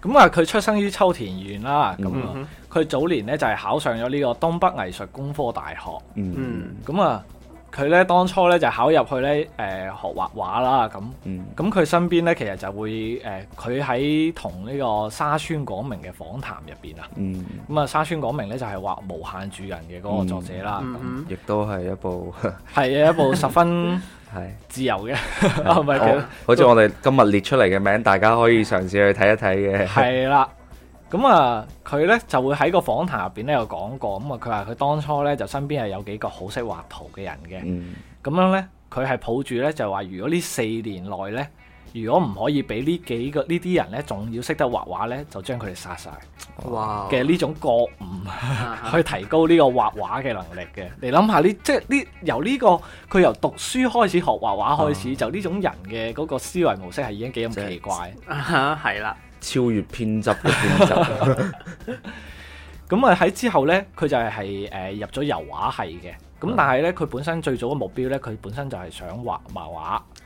咁啊，佢出生於秋田縣啦，咁啊，佢早年呢就係考上咗呢個東北藝術工科大學，嗯，咁啊。佢咧當初咧就考入去咧，誒、呃、學畫畫啦咁。咁佢、嗯、身邊咧其實就會誒，佢、呃、喺同呢個沙村廣明嘅訪談入邊啊。咁啊、嗯，嗯、沙村廣明咧就係畫無限主人嘅嗰個作者啦。亦都係一部係、嗯、 一部十分係自由嘅，唔係好似我哋今日列出嚟嘅名，大家可以嘗試去睇一睇嘅。係啦。咁啊，佢咧就會喺個訪談入邊咧有講過，咁啊佢話佢當初咧就身邊係有幾個好識畫圖嘅人嘅，咁、嗯、樣咧佢係抱住咧就話，如果呢四年內咧，如果唔可以俾呢幾個呢啲人咧仲要識得畫畫咧，就將佢哋殺晒，嘅呢哇、哦、種覺悟 去提高呢個畫畫嘅能力嘅，你諗下呢，即係呢由呢、這個佢由讀書開始學畫畫開始，嗯、就呢種人嘅嗰個思維模式係已經幾咁奇怪，啊係啦。超越偏執嘅偏執，啊，咁啊喺之後呢，佢就係、係、係、呃、入咗油畫系嘅。咁但係咧，佢本身最早嘅目標咧，佢本身就係想畫畫漫畫。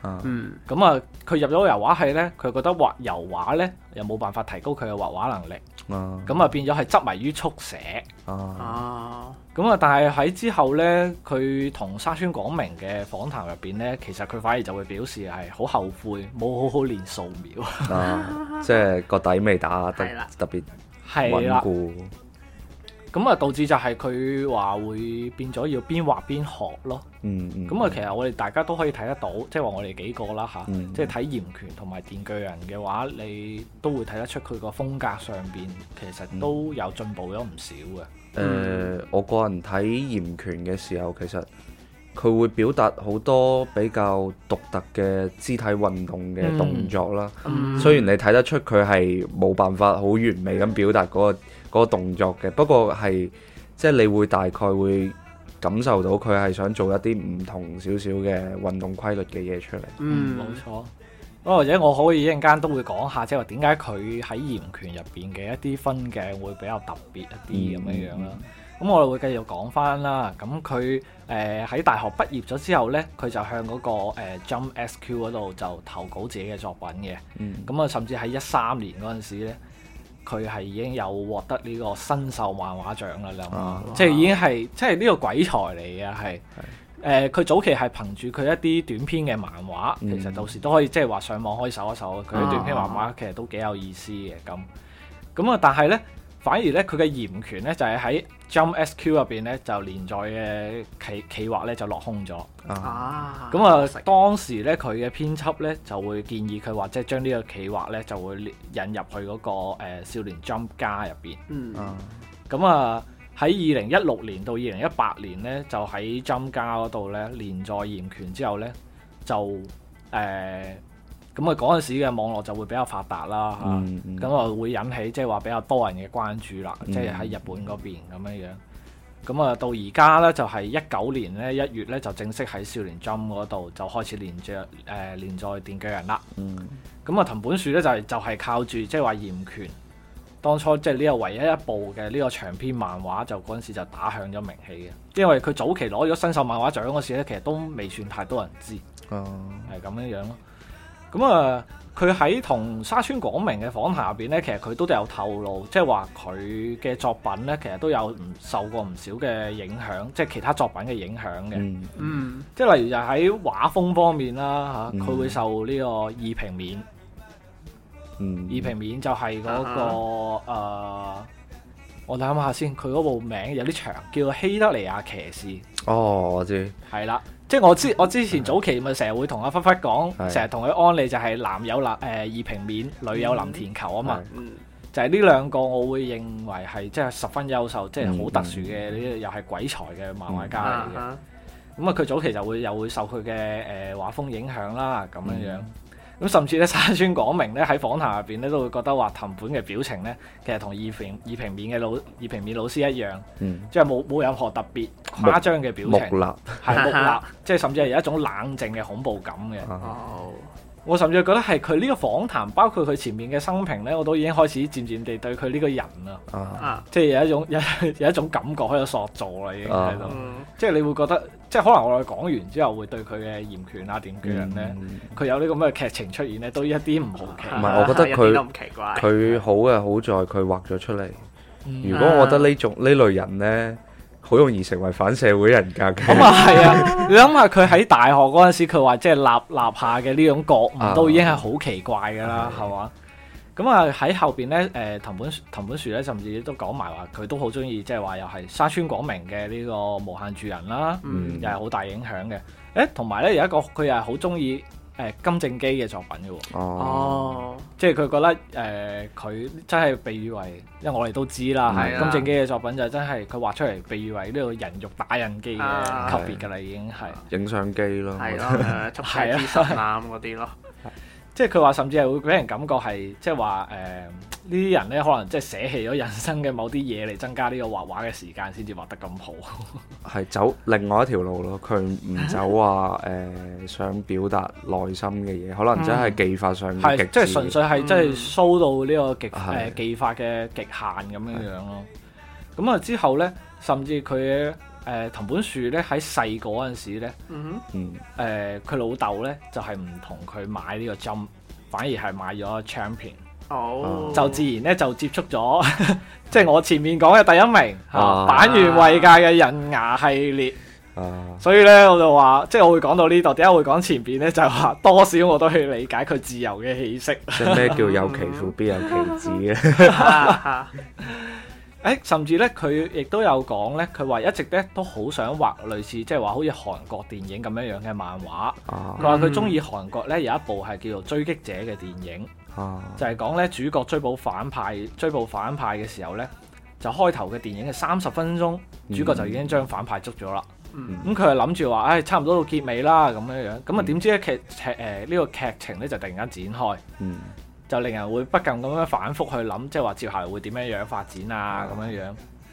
啊、嗯，咁啊，佢入咗油畫系咧，佢覺得畫油畫咧又冇辦法提高佢嘅畫畫能力。咁啊變咗係執迷於速寫。啊、嗯，咁啊，但係喺之後咧，佢同沙村廣明嘅訪談入邊咧，其實佢反而就會表示係好後悔冇好好練素描。啊，即係個底未打得特別穩固，啊。就是咁啊，導致就係佢話會變咗要邊畫邊學咯。嗯，咁、嗯、啊，其實我哋大家都可以睇得到，即係話我哋幾個啦吓，即係睇炎拳同埋電鋸人嘅話，你都會睇得出佢個風格上邊其實都有進步咗唔少嘅。誒、嗯嗯嗯呃，我個人睇炎拳嘅時候，其實佢會表達好多比較獨特嘅肢體運動嘅動作啦。嗯，嗯雖然你睇得出佢係冇辦法好完美咁表達嗰、那個。個動作嘅，不過係即係你會大概會感受到佢係想做一啲唔同少少嘅運動規律嘅嘢出嚟。嗯，冇、嗯、錯。或者我可以一陣間都會講下，即係話點解佢喺炎拳入邊嘅一啲分鏡會比較特別一啲咁嘅樣啦。咁、嗯嗯、我哋會繼續講翻啦。咁佢誒喺大學畢業咗之後呢，佢就向嗰、那個、呃、Jump SQ 嗰度就投稿自己嘅作品嘅。嗯。咁啊，甚至喺一三年嗰陣時咧。佢係已經有獲得呢個新秀漫畫獎啦、啊，即係已經係即係呢個鬼才嚟嘅。係誒，佢是、呃、早期係憑住佢一啲短篇嘅漫畫，嗯、其實到時都可以即係話上網可以搜一搜，佢啲短篇漫畫其實都幾有意思嘅。咁咁啊，但係呢。反而咧，佢嘅炎拳咧就係喺 Jump SQ 入邊咧就連載嘅企企劃咧就落空咗。啊，咁啊當時咧佢嘅編輯咧就會建議佢或者將呢個企劃咧就會引入去嗰、那個誒、呃、少年 Jump 加入邊。嗯，咁啊喺二零一六年到二零一八年咧就喺 Jump 加嗰度咧連載炎拳之後咧就誒。呃咁啊，嗰陣時嘅網絡就會比較發達啦，嚇、嗯，咁、嗯、啊會引起即係話比較多人嘅關注啦，嗯、即係喺日本嗰邊咁樣樣。咁、嗯、啊，嗯嗯、到而家咧就係一九年咧一月咧就正式喺少年 Jump 嗰度就開始連著誒、呃、連載電鋸人啦。咁啊、嗯，藤本樹咧就係、是、就係靠住即係話炎拳，當初即係呢個唯一一部嘅呢個長篇漫畫，就嗰陣時就打響咗名氣嘅。因為佢早期攞咗新手漫畫獎嗰時咧，其實都未算太多人知，係咁、嗯、樣樣咯。咁啊，佢喺同沙村廣明嘅訪談入邊咧，其實佢都都有透露，即係話佢嘅作品咧，其實都有唔受過唔少嘅影響，即係其他作品嘅影響嘅。嗯，即、嗯、係例如就喺畫風方面啦，吓佢、嗯、會受呢個二平面。嗯，二平面就係嗰、那個誒、uh huh. 呃，我諗下先，佢嗰部名有啲長，叫《希德尼婭騎士》。哦，我知。係啦。即係我之我之前早期咪成日會同阿忽忽講，成日同佢安利就係男友立誒、呃、二平面，女友林田球啊嘛，、嗯嗯，就係、是、呢兩個我會認為係即係十分優秀，嗯、即係好特殊嘅呢，嗯、又係鬼才嘅漫畫家嚟嘅。咁、嗯、啊，佢、嗯、早期就會又會受佢嘅誒畫風影響啦，咁樣樣。嗯咁甚至咧，山村廣明咧喺訪談入邊咧都會覺得話藤本嘅表情咧，其實同二平二平面嘅老二平面老師一樣，嗯、即係冇冇任何特別誇張嘅表情，木係木立， 即係甚至係有一種冷靜嘅恐怖感嘅。哦、我甚至覺得係佢呢個訪談，包括佢前面嘅生平咧，我都已經開始漸漸地對佢呢個人啊，即係有一種有有一種感覺喺度塑造啦，已經喺度，嗯、即係你會覺得。即係可能我哋講完之後會對佢嘅言權啊點樣咧，佢、嗯嗯、有呢咁嘅劇情出現咧，都一啲唔好奇、啊。唔係，我覺得佢佢好嘅、啊、好在佢畫咗出嚟。如果我覺得呢種呢、嗯、類人咧，好容易成為反社會人格、啊。嘅、 啊。咁啊係啊，你諗下佢喺大學嗰陣時，佢話即係立立下嘅呢種覺悟，都已經係好奇怪噶啦，係嘛、啊？咁啊喺後邊咧，誒、呃、藤本藤本樹咧，甚至佢佢都講埋話佢都好中意，即係話又係沙村廣明嘅呢個無限住人啦，嗯、又係好大影響嘅。誒同埋咧有一個佢又係好中意誒金正基嘅作品嘅喎、哦嗯，即係佢覺得誒佢、呃、真係被譽為，因為我哋都知啦，係金、嗯、正基嘅作品就真係佢畫出嚟被譽為呢個人肉打印機嘅級別㗎啦，啊、已經係影相機咯，執屎執屎腩嗰啲咯。 對 即係佢話，甚至係會俾人感覺係即係話誒呢啲人咧，可能即係捨棄咗人生嘅某啲嘢嚟增加呢個畫畫嘅時間，先至畫得咁好。係走另外一條路咯，佢唔走話誒、 呃、想表達內心嘅嘢，可能真係技法上係、嗯、即係純粹係即係 show 到呢個極誒、嗯呃、技法嘅極限咁樣樣咯。咁啊之後咧，甚至佢。誒、呃、藤本樹咧喺細個嗰陣時咧，嗯哼，佢老豆咧就係唔同佢買呢個 Jump，反而係買咗 Champion，哦，就自然咧就接觸咗， 即係我前面講嘅第一名啊，板垣惠介嘅人牙系列啊，ah。所以咧我就話，即係我會講到會呢度，點解會講前邊咧就話、是、多少我都去理解佢自由嘅氣息，即係咩叫有其父必 有其子啊！ 甚至咧，佢亦都有講咧，佢話一直咧都好想畫類似即係話好似韓國電影咁樣樣嘅漫畫。佢話佢中意韓國咧有一部係叫做《追擊者》嘅電影，啊、就係講咧主角追捕反派，追捕反派嘅時候咧，就開頭嘅電影嘅三十分鐘，嗯、主角就已經將反派捉咗啦。咁佢、嗯、就諗住話，誒、哎，差唔多到結尾啦咁樣樣。咁啊點知咧劇劇呢、嗯呃呢個劇情咧就突然間展開。嗯嗯就令人會不禁咁樣反覆去諗，即係話接下嚟會點樣樣發展啊咁樣、嗯、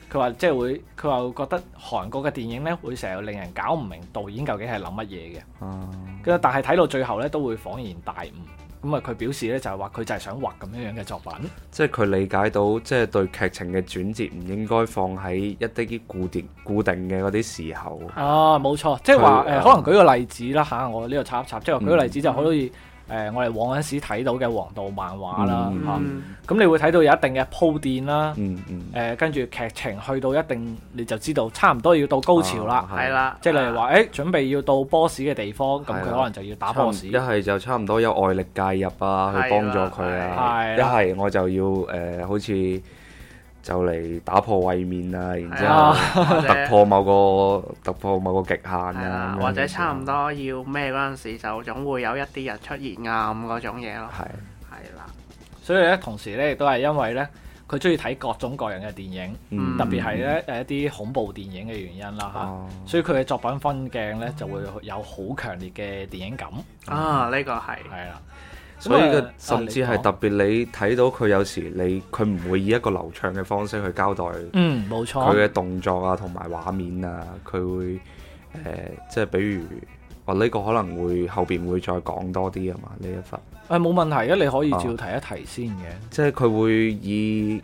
樣。佢話即係會，佢話覺得韓國嘅電影呢會成日令人搞唔明導演究竟係諗乜嘢嘅。哦、嗯。但係睇到最後呢，都會恍然大悟。咁啊，佢表示呢，就係話佢就係想畫咁樣樣嘅作品。即係佢理解到，即、就、係、是、對劇情嘅轉折唔應該放喺一啲啲固定固定嘅嗰啲時候。啊，冇錯。即係話誒，可能舉個例子啦嚇、啊，我呢度插一插，即係舉個例子就好可以。嗯誒、呃，我哋往嗰陣時睇到嘅黃道漫畫啦，嚇、嗯，咁你會睇到有一定嘅鋪墊啦，誒，跟住劇情去到一定，你就知道差唔多要到高潮啦，係啦、啊，即係例如話，誒係、欸，準備要到 boss 嘅地方，咁佢可能就要打 boss，一係就差唔多有外力介入啊，去幫助佢啊，一係係我就要誒、呃，好似。就嚟打破位面啊！然之後突破某個 突破某個極限啊！ 或者差唔多要咩嗰陣時，就總會有一啲人出現啊咁嗰種嘢咯。係係啦，所以咧同時咧，亦都係因為咧，佢中意睇各種各樣嘅電影，特別係咧誒一啲恐怖電影嘅原因啦嚇。所以佢嘅作品分鏡咧就會有好強烈嘅電影感啊！呢個係係啊。啊嗯啊啊這個所以佢甚至係特別，你睇到佢有時你佢唔會以一個流暢嘅方式去交代，嗯，冇錯佢嘅動作啊同埋畫面啊，佢會誒、呃，即係比如話呢、哦呢個可能會後邊會再講多啲啊嘛，呢一份誒冇、啊、問題嘅，你可以照提一提先嘅、啊。即係佢會以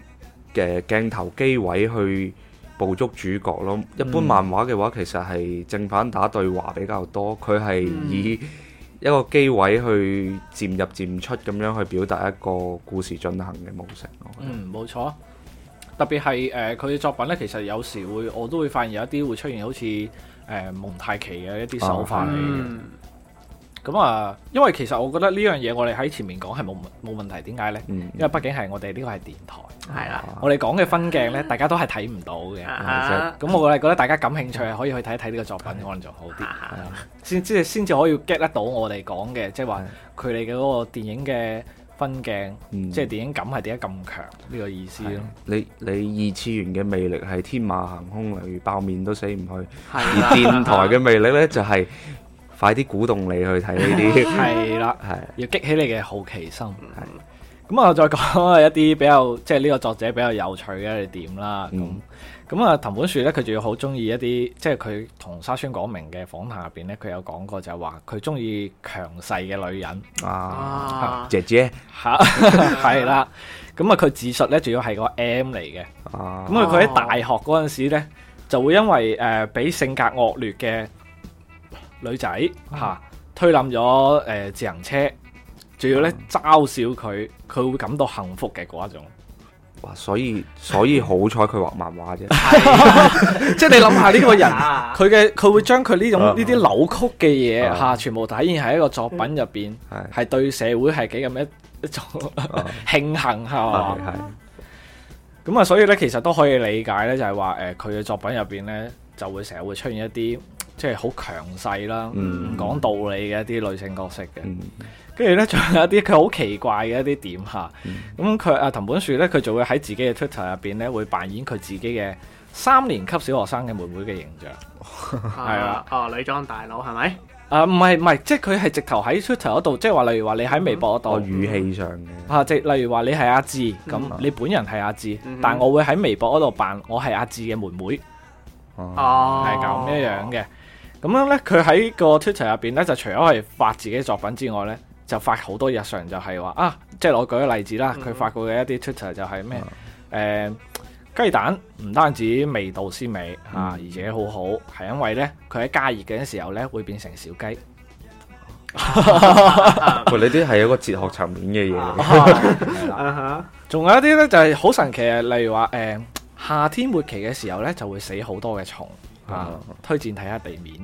嘅鏡頭機位去捕捉主角咯。一般漫畫嘅話，嗯、其實係正反打對話比較多，佢係以、嗯，一個機位去漸入漸出咁樣去表達一個故事進行嘅模式，我覺得，嗯，冇錯，特別係誒佢嘅作品咧，其實有時會我都會發現有一啲會出現好似誒、呃、蒙太奇嘅一啲手法嚟嘅。啊嗯嗯咁啊，嗯嗯、因為其實我覺得呢樣嘢我哋喺前面講係冇冇問題，點解呢？因為畢竟係我哋呢個係電台，係啦的。我哋講嘅分鏡呢，大家都係睇唔到嘅。咁的、嗯、我覺得大家感興趣係可以去睇一睇呢個作品，的可能仲好啲，先至的的可以 get 得到我哋講嘅，即係話佢哋嘅嗰個電影嘅分鏡，嗯、即係電影感係點解咁強呢個意思咯。你你二次元嘅魅力係天馬行空，例如爆面都死唔去，的而電台嘅魅力呢，就係、是。快啲鼓動你去睇呢啲，係啦，係 對要激起你嘅好奇心。係咁啊，嗯、我再講一啲比較，即係呢個作者比較有趣嘅一點一說說啦。咁咁啊，藤本樹咧，佢仲要好中意一啲，即係佢同沙宣廣明嘅訪談入邊咧，佢有講過就係話佢中意強勢嘅女人啊，姐姐吓係啦。咁啊，佢自述咧，仲要係個 M 嚟嘅。咁啊，佢喺大學嗰陣時咧，就會因為誒俾、呃、性格惡劣嘅。女仔吓、啊、推冧咗誒自行車，仲要咧嘲笑佢，佢會感到幸福嘅嗰一種。哇！所以所以好彩佢畫漫畫啫，啊、 即係你諗下呢個人，佢嘅佢會將佢呢種呢啲扭曲嘅嘢吓，全部體現喺一個作品入邊，係、嗯、對社會係幾咁一一種慶、嗯、 幸吓。係、嗯。咁吧、嗯、啊 是， 所以咧其實都可以理解咧，就係話誒佢嘅作品入邊咧，就會成日會出現一啲。即係好強勢啦，唔講道理嘅一啲女性角色嘅，跟住咧仲有一啲佢好奇怪嘅一啲點嚇，咁佢啊藤本樹咧佢就會喺自己嘅 Twitter 入邊咧會扮演佢自己嘅三年級小學生嘅妹妹嘅形象，係啊，哦女裝大佬係咪？啊唔係唔係，即係佢係直頭喺 Twitter 嗰度，即係話例如話你喺微博嗰度，哦語氣上嘅啊，即例如話你係阿志咁，你本人係阿志，但係我會喺微博嗰度扮我係阿志嘅妹妹，哦係咁樣嘅。咁樣咧，佢喺個 Twitter 入邊咧，就除咗係發自己作品之外咧，就發好多日常就，就係話啊，即係我舉個例子啦。佢，嗯，發過嘅一啲 Twitter 就係咩？誒、嗯，雞、呃、蛋唔單止味道鮮美吓，嗯，而且好好，係因為咧，佢喺加熱嘅時候咧，會變成小雞。哇、啊！呢啲係一個哲學層面嘅嘢。仲有一啲咧，就係、是、好神奇嘅，例如話誒、呃，夏天末期嘅時候咧，就會死好多嘅蟲。啊！推薦睇下地面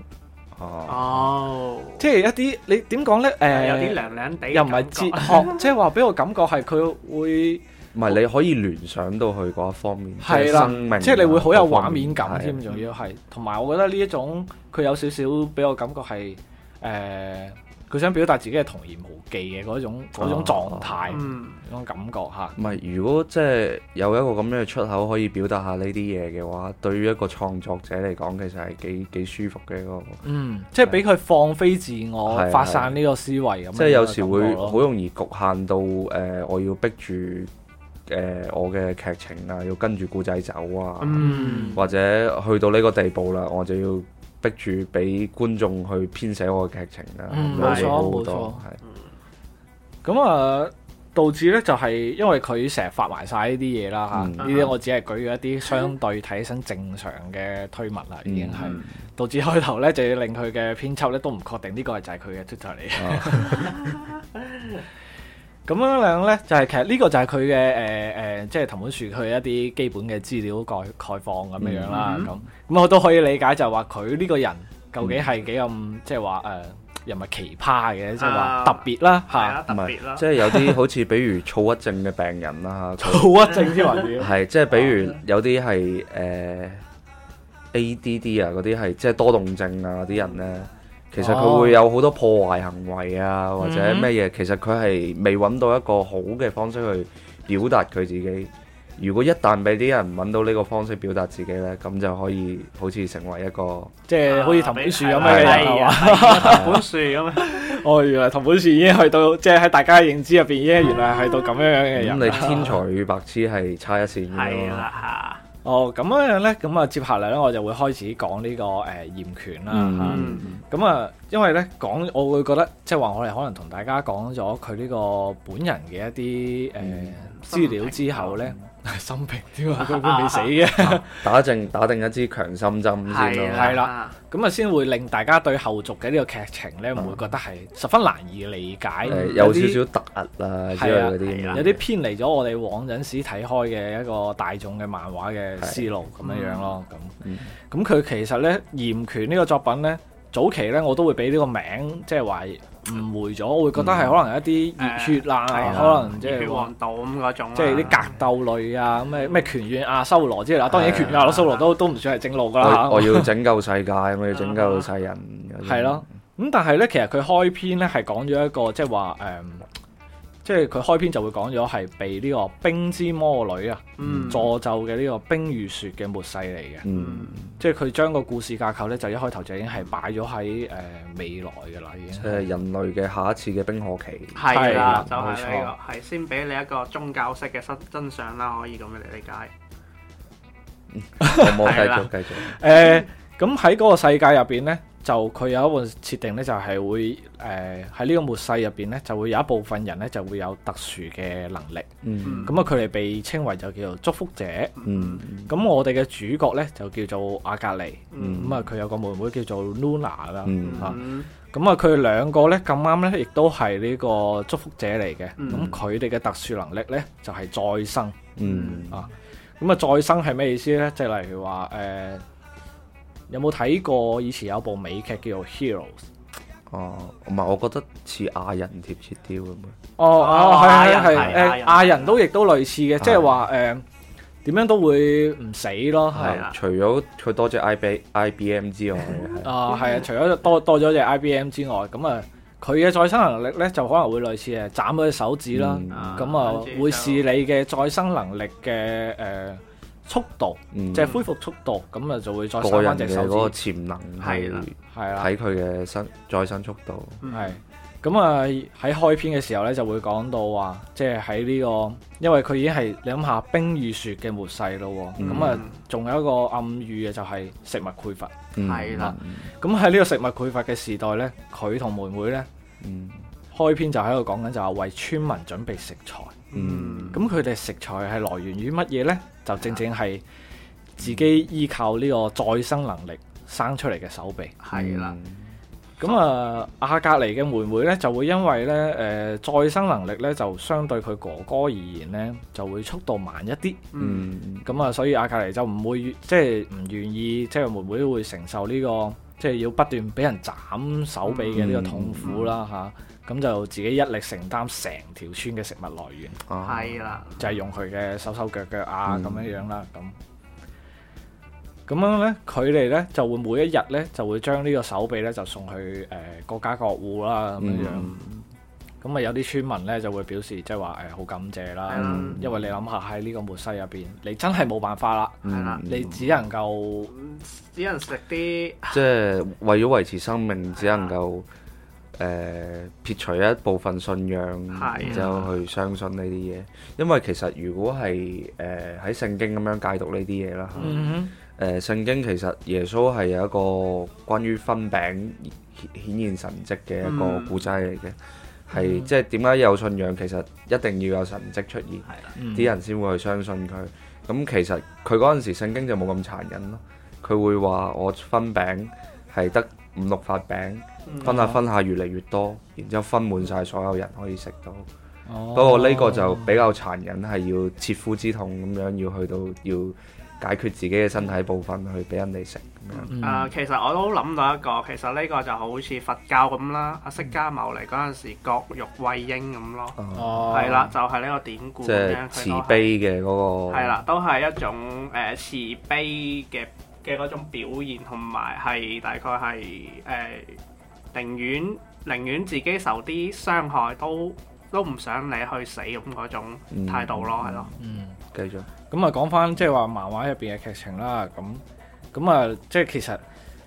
哦，即係一啲你點講咧？誒，有啲涼涼地，又唔係接殼，即係話俾我感覺係佢會，唔係你可以聯想到佢嗰一方面， 即係生命、啊、即係你會好有畫面感添，仲要係，同埋的我覺得呢一種佢有少少俾我感覺係誒。呃佢想表達自己嘅童言無忌嘅嗰種嗰種狀態，嗰、嗯、種感覺嚇。唔係，如果即係有一個咁樣嘅出口可以表達下呢啲嘢嘅話，對於一個創作者嚟講，其實係幾幾舒服嘅一、嗰個。嗯，嗯即係俾佢放飛自我，啊、發散呢個思維咁。啊、即係有時會好容易局限到誒、呃，我要逼住誒我嘅劇情啊，要跟住故仔走啊，嗯、或者去到呢個地步啦，我就要。逼住俾觀眾去編寫我嘅劇情啦，冇錯冇錯，係。咁啊，導致是、嗯、呢就係、是、因為佢成日發埋晒呢啲嘢啦吓，呢啲、嗯、我只係舉咗一啲相對睇起身正常嘅推文啦，已經係導致開頭呢就要令佢嘅編輯呢都唔確定呢、這個係就係佢嘅 Twitter 嚟。哦 咁樣樣咧，就係其實呢個就係佢嘅誒誒，即係藤本樹佢一啲基本嘅資料概概況咁樣樣啦。咁咁我都可以理解就係話佢呢個人究竟係幾咁即係話誒，又唔係奇葩嘅，即係話特別啦嚇。唔係，即係有啲好似比如躁鬱症嘅病人啦嚇。躁鬱症之類嘅。係即係比如有啲係誒 ADD 啊嗰啲係即係多動症啊啲人咧。其實佢會有好多破壞行為啊，或者咩嘢？嗯、哼其實佢係未揾到一個好嘅方式去表達佢自己。如果一旦俾啲人揾到呢個方式表達自己呢，咁就可以好似成為一個即係好似藤本樹咁樣嘅人啊！藤本樹咁啊！哦，原來藤本樹已經去到即係喺大家嘅認知入邊，已經原來去到咁樣樣嘅人。咁、嗯、你天才與白痴係差一線㗎。哦，咁樣樣咧，咁啊，接下嚟咧，我就會開始講呢、這個誒驗、呃、權啦、啊、嚇。咁、嗯嗯嗯、啊，因為咧講，我會覺得即係話我哋可能同大家講咗佢呢個本人嘅一啲誒、呃、資料之後咧。嗯心病啲喎，佢佢未死嘅、啊啊啊。打正打定一支強心針先係啦。咁、哎、呀了啊，先會令大家對後續嘅呢個劇情咧，唔、啊、會覺得係十分難以理解，呃、有少少突兀啦、啊，啲、啊，有啲偏離咗我哋往陣時睇開嘅一個大眾嘅漫畫嘅思路咁樣樣咯。咁，咁佢其實咧，嚴權呢個作品咧。早期咧，我都會俾呢個名，即係話誤會咗。我會覺得係可能一啲熱血啊，嗯、可能即、就、係、是、血王道咁嗰種、啊，即係啲格鬥類啊，咩咩拳願阿修羅之類啦。嗯、當然拳，拳願阿修羅都、嗯、都唔算係正路㗎啦。我要拯救世界，我要拯救世人的的。係咯，咁、嗯、但係咧，其實佢開篇咧係講咗一個，即係話誒。嗯即係佢開篇就會講咗係被呢個冰之魔女啊，嗯、詛咒嘅呢個冰與雪嘅末世嚟嘅。嗯，即係佢將個故事架構咧，就一開頭就已經係擺咗喺誒未來嘅啦，已經。即係人類嘅下一次嘅冰河期。係啦了，就係呢、那個，係先俾你一個宗教式嘅真真相啦，可以咁樣嚟理解。嗯，冇，繼續，繼續、 呃。誒，咁喺嗰個世界入邊咧？就佢有一個設定呢，就係會誒喺呢個末世入邊呢，就會有一部分人呢，就會有特殊嘅能力。嗯，咁啊，佢哋被稱為就叫做祝福者。嗯，咁、嗯、我哋嘅主角呢，就叫做阿格利。嗯，咁啊，佢有個妹妹叫做 Luna 噶、嗯。嗯咁啊，佢兩個呢，咁啱呢，亦都係呢個祝福者嚟嘅。咁佢哋嘅特殊能力呢，就係、是、再生。嗯。嗯啊，咁啊，再生係咩意思呢？即係例如話誒。呃有冇睇過以前有部美劇叫做 Heroes？哦，唔係，我覺得似亞人貼切啲咁樣。哦哦，係係，誒亞人都亦都類似嘅，即係話誒點樣都會唔死咯。係除咗佢多隻 I B I B M 之外，啊係啊，除咗多多咗隻 I B M 之外，咁啊佢嘅再生能力咧就可能會類似係斬咗隻手指啦，咁啊會試你嘅再生能力嘅誒。速度，嗯、即係恢復速度，咁啊就會再翻隻手指。個人嘅嗰個潛能係啦的，係啊，睇佢嘅生再生速度。係，咁啊喺開篇嘅時候咧就會講到話，即係喺呢個，因為佢已經係你諗下冰與雪嘅末世咯，咁啊仲有一個暗喻嘅就係食物匱乏。係啦的，咁喺呢個食物匱乏嘅時代咧，佢同妹妹咧，嗯、開篇就喺度講緊就係為村民準備食材。嗯，咁佢哋食材係來源於乜嘢呢？就正正係自己依靠呢個再生能力生出嚟嘅手臂。係啦，咁啊，阿格尼嘅妹妹呢，就會因為呢誒、呃、再生能力呢，就相對佢哥哥而言呢，就會速度慢一啲。嗯，咁、嗯、啊，所以阿格尼就唔會即係唔願意，即、就、係、是、妹妹會承受呢、呢個即係、就是、要不斷俾人斬手臂嘅呢個痛苦啦嚇。嗯嗯嗯咁就自己一力承擔成條村嘅食物來源，係啦，就係用佢嘅手手腳腳啊咁樣樣啦，咁咁樣咧，佢哋咧就會每一日咧就會將呢個手臂咧就送去誒各家各戶啦咁樣樣，咁咪有啲村民咧就會表示即係話誒好感謝啦，因為你諗下喺呢個末世入邊，你真係冇辦法啦，係啦，你只能夠只能食啲，即係為咗維持生命，只能夠。誒、呃、撇除一部分信仰，啊、然之後去相信呢啲嘢，因為其實如果係誒喺聖經咁樣解讀呢啲嘢啦，誒聖、嗯哼呃、經其實耶穌係有一個關於分餅顯現神跡嘅一個古仔嚟嘅，係即係點解有信仰其實一定要有神跡出現，啲、啊嗯、人先會去相信佢。咁、嗯、其實佢嗰陣時聖經就冇咁殘忍咯，佢會話我分餅係得五六塊餅。嗯、分下分下越嚟越多，然之後分滿晒所有人可以食到。不過呢個就比較殘忍，係要切膚之痛咁樣，要去到要解決自己嘅身體部分去俾人哋食咁樣。誒、嗯呃，其實我都諗到一個，其實呢個就好似佛教咁啦。啊，釋迦牟尼嗰陣時割肉餵鷹咁咯。哦，係啦，就係、是、呢個典故咁樣即係慈悲嘅嗰、那個。係啦，都係一種誒、呃、慈悲嘅嘅嗰種表現，同埋係大概係誒。呃寧願寧願自己受啲傷害，都都唔想你去死咁嗰種態度咯，係咯、嗯嗯嗯。嗯，繼續。咁啊，講返即係話漫畫入邊嘅劇情啦。咁咁啊，即係其實。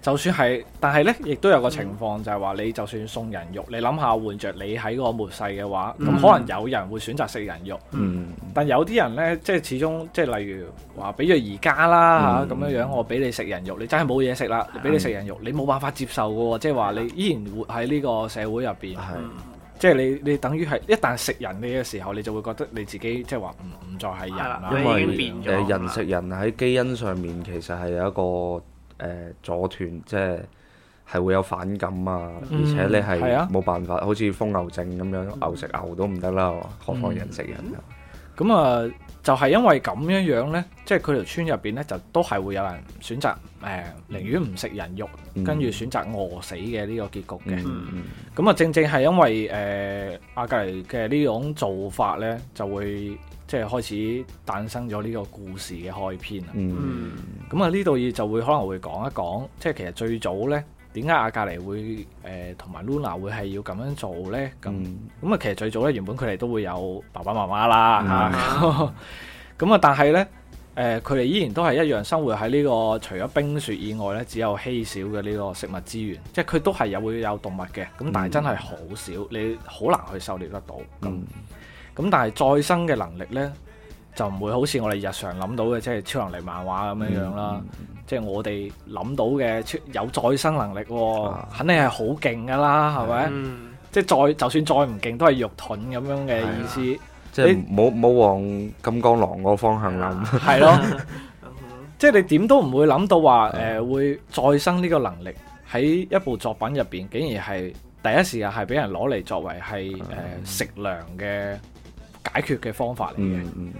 就算係，但係呢亦都有個情況，嗯、就係話你就算送人肉，你諗下換着你喺個末世嘅話，咁、嗯、可能有人會選擇食人肉。嗯、但有啲人呢，即係始終，即係例如話，比如而家啦吓咁樣樣，我俾你食人肉，你真係冇嘢食啦，俾的你食人肉，你冇辦法接受㗎喎，即係話你依然活喺呢個社會入邊，的的即係你你等於係一旦食人嘅時候，你就會覺得你自己即係話唔唔再係人啦。因為誒人食人喺基因上面其實係有一個。誒阻、呃、斷即係係會有反感啊，而且你係冇辦法，嗯啊、好似瘋牛症咁樣，牛食牛都唔得啦，嗯、何況人食人咁啊、嗯嗯、就係、是、因為咁樣樣呢，即係佢條村入邊呢，就都係會有人選擇誒、呃、寧願唔食人肉，跟住選擇餓死嘅呢個結局嘅。咁啊、嗯，嗯嗯、正正係因為誒阿隔離嘅呢種做法呢，就會。即係開始誕生咗呢個故事嘅開篇啦。嗯，咁啊呢度就會可能會講一講，即、就、係、是、其實最早呢，點解阿格尼會誒同、呃、埋 Luna 會係要咁樣做呢？咁咁啊，其實最早呢，原本佢哋都會有爸爸媽媽啦吓。咁、嗯嗯、啊，但係呢，誒、呃，佢哋依然都係一樣生活喺呢個除咗冰雪以外呢，只有稀少嘅呢個食物資源。即係佢都係有會有動物嘅，咁但係真係好少，你好難去狩獵得到咁。嗯嗯咁但係再生嘅能力呢，就唔會好似我哋日常諗到嘅，即係超能力漫畫咁樣樣啦。即係我哋諗到嘅，有再生能力喎，肯定係好勁噶啦，係咪？即係再就算再唔勁，都係肉盾咁樣嘅意思。即係冇冇往金剛狼個方向諗。係咯，即係你點都唔會諗到話誒會再生呢個能力喺一部作品入邊，竟然係第一時間係俾人攞嚟作為係誒食糧嘅。解決嘅方法嚟嘅，咁樣、嗯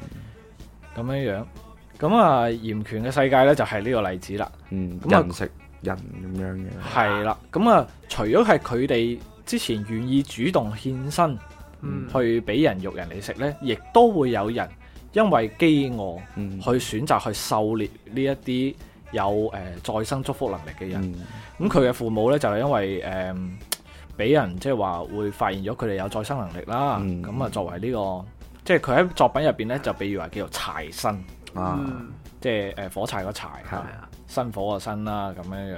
嗯、樣，咁啊，嚴權嘅世界呢就係呢個例子啦。嗯，啊、人食人咁樣嘅、啊。係啦、啊，咁啊，除咗係佢哋之前願意主動獻身，嗯、去俾人肉人嚟食呢，亦都會有人因為飢餓，去選擇去狩獵呢一啲有誒、呃、再生祝福能力嘅人。咁佢嘅父母呢，就係、是、因為誒俾、呃、人即係話會發現咗佢哋有再生能力啦。咁啊，作為呢、這個。即係佢喺作品入邊咧，就比如話叫做柴生，即係誒火柴個柴，生火個生啦咁樣樣。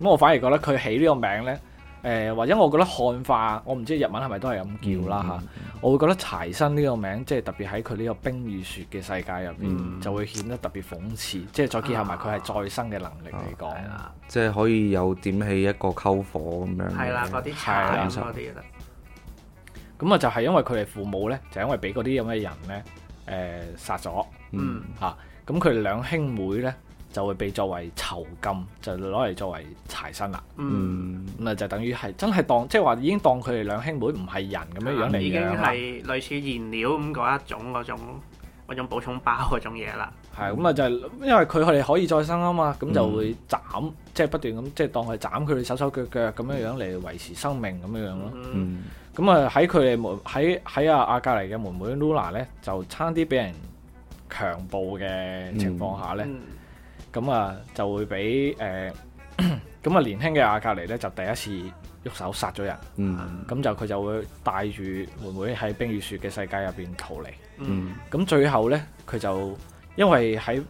咁我反而覺得佢起呢個名咧，誒或者我覺得漢化，我唔知日文係咪都係咁叫啦嚇。我會覺得柴生呢個名，即係特別喺佢呢個冰與雪嘅世界入邊，就會顯得特別諷刺。即係再結合埋佢係再生嘅能力嚟講，即係可以有點起一個篝火咁樣。係啦，嗰啲柴嗰啲啦。咁啊，就係因為佢哋父母咧，就因為俾嗰啲咁嘅人咧，誒殺咗，嚇咁佢哋兩兄妹咧就會被作為酬金，就攞嚟作為柴身啦。嗯，咁啊、嗯、就等於係真係當，即係話已經當佢哋兩兄妹唔係人咁樣樣嚟。已經係類似燃料咁嗰一種嗰種嗰種補充包嗰種嘢啦。係咁啊，就係因為佢哋可以再生啊嘛，咁就會斬，即係、嗯、不斷咁即係當佢斬佢哋手手腳腳咁樣樣嚟維持生命咁樣樣咯。嗯。嗯。咁啊喺佢哋門喺喺阿阿格尼嘅妹妹 Luna 咧就差啲俾人強暴嘅情況下咧，咁啊、嗯、就會俾誒咁啊年輕嘅阿格尼咧就第一次喐手殺咗人，咁、嗯、就佢就會帶住妹妹喺冰與雪嘅世界入邊逃離，咁、嗯、最後咧佢就因為喺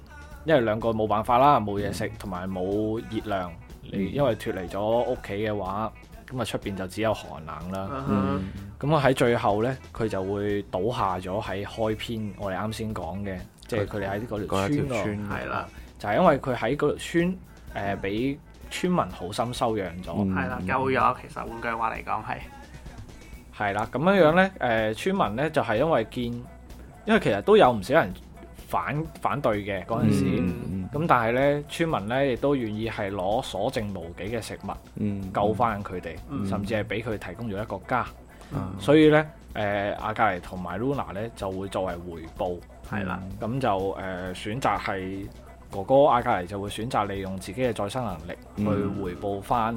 因為兩個冇辦法啦，冇嘢食同埋冇熱量，嗯、因為脱離咗屋企嘅話。咁啊，出邊就只有寒冷啦。咁我喺最後呢，佢就會倒下咗喺開篇我哋啱先講嘅，它即係佢哋喺嗰條村度係啦。了就係因為佢喺嗰條村誒，俾、呃、村民好心收養咗。係啦、嗯，救咗。其實換句話嚟講，係係啦。咁樣樣呢，誒、呃，村民呢就係、是、因為見，因為其實都有唔少人反反對嘅嗰陣時、嗯。嗯咁但係咧，村民咧亦都願意係攞所剩無幾嘅食物、嗯、救翻佢哋，嗯、甚至係俾佢哋提供咗一個家。嗯、所以咧，誒、呃、阿格尼同埋 Luna 咧就會作為回報，係啦。咁、嗯、就誒、呃、選擇係哥哥阿格尼就會選擇利用自己嘅再生能力去回報翻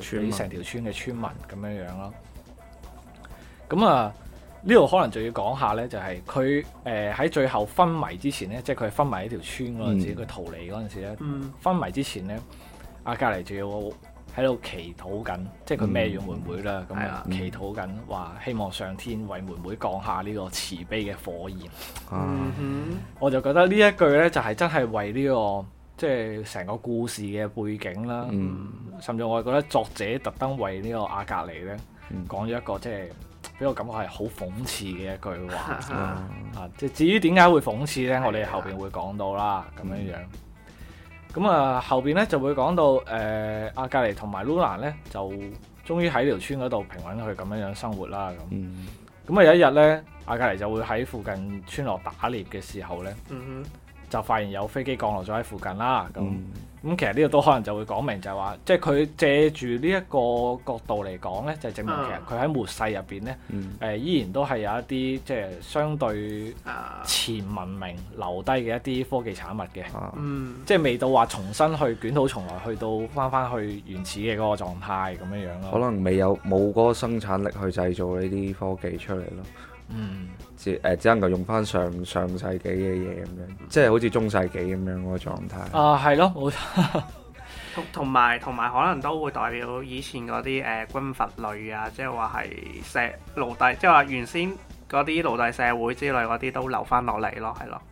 處理成條村嘅村民咁樣樣咯。咁、嗯、啊～、嗯嗯。呢度可能仲要講下呢，就係佢誒喺最後昏迷之前呢，即係佢昏迷喺條村嗰陣時，佢逃離嗰陣時咧，昏迷之前呢，阿格黎仲要喺度祈禱緊，即係佢孭住妹妹啦，咁啊祈禱緊，話希望上天為妹妹降下呢個慈悲嘅火焰。我就覺得呢一句呢，就係真係為呢個即係成個故事嘅背景啦，甚至我覺得作者特登為呢個阿格黎呢，講咗一個即係。俾我感覺係好諷刺嘅一句話啊！即哈至於點解會諷刺會、嗯、呢？我哋後邊會講到啦，咁樣樣。咁啊，後邊呢就會講到誒啊、呃，阿格尼同埋 Luna 呢就終於喺條村嗰度平穩去咁樣樣生活啦。咁咁啊，嗯、有一日呢，阿格尼就會喺附近村落打獵嘅時候呢，嗯、哼就發現有飛機降落咗喺附近啦。咁。嗯咁其實呢個都可能就會講明就係話，即係佢借住呢一個角度嚟講呢就係、證明其實佢喺末世入邊呢，誒、嗯呃、依然都係有一啲即係相對前文明留低嘅一啲科技產物嘅，嗯、即係未到話重新去捲土重來，去到翻翻去原始嘅嗰個狀態咁樣樣咯。可能未有冇嗰個生產力去製造呢啲科技出嚟咯。嗯。誒只能夠用翻上上世紀嘅嘢咁樣，即係好似中世紀咁樣嗰個狀態。啊，係咯，同同埋同埋可能都會代表以前嗰啲誒軍閥類啊，即係話係社奴隸，即係話原先嗰啲奴隸社會之類嗰啲都留翻落嚟咯，係咯。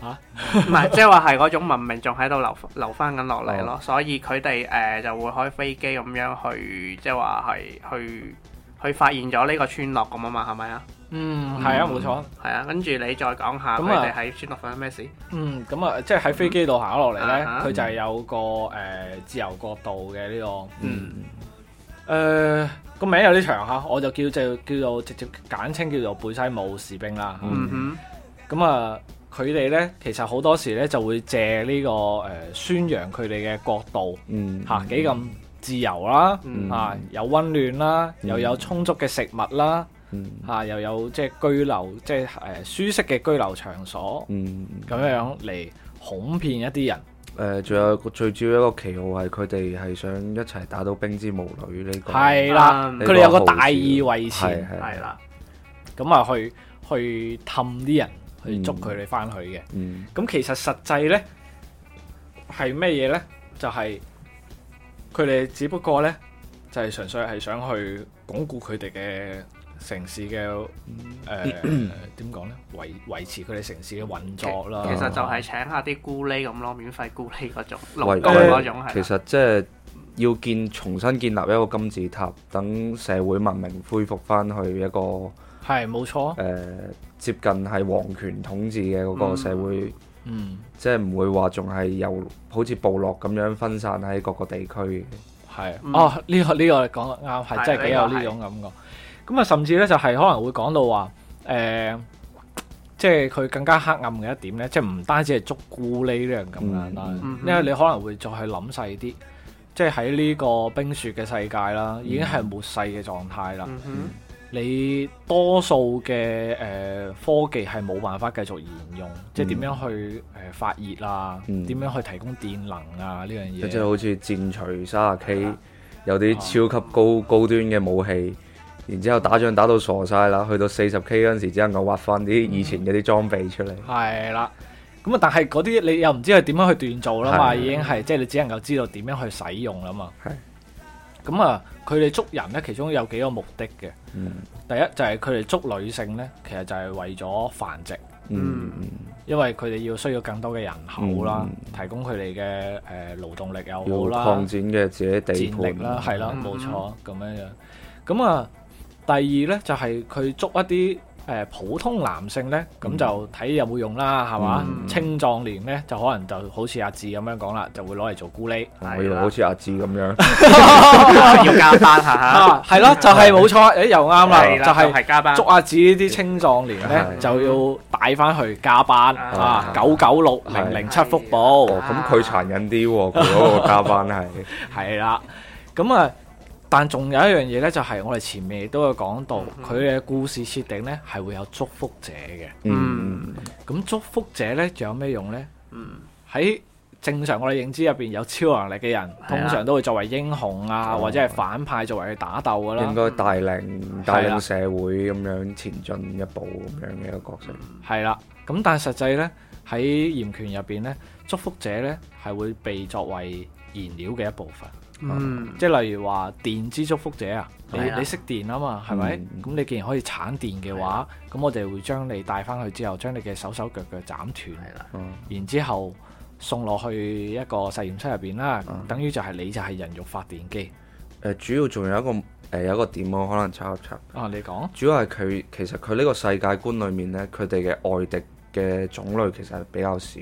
嚇、啊？唔 係，即係話係嗰種文明仲喺度留留翻緊落嚟咯，哦、所以佢哋誒就會開飛機咁樣去，即係話係去去發現咗呢個村落咁啊嘛，係咪啊？嗯，係啊，冇錯。係啊，跟住你再講下，咁佢哋喺宣樂發生咩事？嗯、咁、嗯、啊，即係喺飛機度行咗落嚟咧，佢、嗯、就係有個誒、呃、自由國度嘅呢、這個。嗯、誒個、呃、名有啲長吓，我就叫就叫做直接簡稱叫做貝西姆士兵啦。嗯哼。咁啊，佢哋咧，其實好多時咧，就會借呢、這個誒、呃、宣揚佢哋嘅國度。嗯。嗯。吓幾咁自由啦，吓、嗯啊、有溫暖啦，又有充足嘅食物啦。吓又有即係居留，即係誒舒適嘅居留場所，咁、嗯、樣樣嚟哄騙一啲人。誒、呃，仲有個最主要一個旗號係佢哋係想一齊打到冰之巫女呢、這個係啦，佢哋的、這個、有個大義維持係啦，咁啊去去氹啲人去捉佢哋返去嘅。咁、嗯嗯、其實實際咧係咩嘢咧？就係佢哋只不過咧就係、是、純粹係想去鞏固佢哋嘅。城市嘅誒點講呢？維持佢哋城市嘅運作啦。其實就係請下啲咕喱咁咯，免費咕喱嗰種勞、呃、種其實即係要建重新建立一個金字塔，等社會文明恢復翻去一個係冇錯。誒、呃、接近係皇權統治嘅嗰個社會，嗯，即係唔會話仲係有好似部落咁樣分散喺各個地區。係哦，呢、呢個呢、呢個你講、這個、得啱，係真係幾有呢種感覺。是咁啊，甚至咧就係可能會講到話，誒、呃，即係佢更加黑暗嘅一點咧，即係唔單止係捉孤呢樣咁樣啦，因為你可能會再去諗細啲，即係喺呢個冰雪嘅世界啦，嗯、已經係末世嘅狀態啦。嗯嗯、你多數嘅誒科技係冇辦法繼續沿用，嗯、即係點樣去誒發熱啊？點樣、嗯、去提供電能啊？呢樣嘢即係好似戰錘卅 K，有啲超級高高端嘅武器。嗯。然之後打仗打到傻晒啦，去到四十 K 嗰陣時，只能夠挖翻啲以前嗰啲裝備出嚟。係啦、嗯，咁啊，但係嗰啲你又唔知佢點樣去鍛造啦嘛，的已經係即係你只能夠知道點樣去使用啦嘛。咁是啊，佢哋捉人呢其中有幾個目的嘅。嗯、第一就係佢哋捉女性呢，其實就係為咗繁殖。嗯，因為佢哋要需要更多嘅人口啦，嗯、提供佢哋嘅誒勞動力又好啦。擴展嘅自己地力啦，戰力啦，係、啊、啦，冇錯、啊，咁樣、嗯嗯嗯、樣。咁啊。啊嗯第二呢，就係佢捉一啲誒普通男性呢，咁就睇有冇用啦，係嘛？青壯年呢，就可能就好似阿志咁樣講啦，就會攞嚟做咕喱，好似阿志咁樣要加班嚇嚇。係咯，就係冇錯，誒又啱啦，就係加班捉阿志呢啲青壯年呢，就要帶翻去加班啊，九九六零零七福報。咁佢殘忍啲喎，佢嗰個加班係係啦，咁啊。但仲有一樣嘢咧，就係我哋前面都講到，佢嘅、嗯、哼故事設定呢係會有祝福者嘅。嗯、嗯，咁祝福者呢，仲有咩用呢？嗯，喺正常我哋認知入邊，有超能力嘅人、啊、通常都會作為英雄啊，哦、或者係反派作為去打鬥噶啦。應該帶領帶領社會咁樣前進一步咁樣嘅一個角色。係啦、啊，咁、啊、但實際呢，喺《炎拳》入邊呢，祝福者呢係會被作為燃料嘅一部分。嗯，即係例如話，電之祝福者啊，你的你識電啊嘛，係咪？咁、嗯、你既然可以產電嘅話，咁的我哋會將你帶翻去之後，將你嘅手手腳腳斬斷，嗯、然之後送落去一個實驗室入邊啦，嗯、等於就係你就係人肉發電機。誒、呃，主要仲有一個誒有、呃、一個點我可能插一插。啊，你講。主要係佢其實佢呢個世界觀裏面呢，佢哋嘅外敵。嘅種類其實比較少，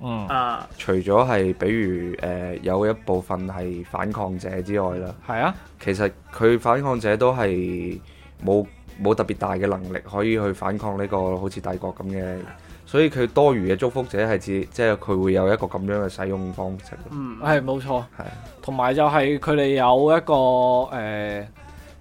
嗯啊，除咗係比如誒、呃、有一部分係反抗者之外啦，係啊，其實佢反抗者都係冇冇特別大嘅能力可以去反抗呢、這個好似帝國咁嘅，所以佢多餘嘅祝福者係指，即係佢會有一個咁樣嘅使用方式，嗯，係冇錯，係、啊，同埋就係佢哋有一個誒。呃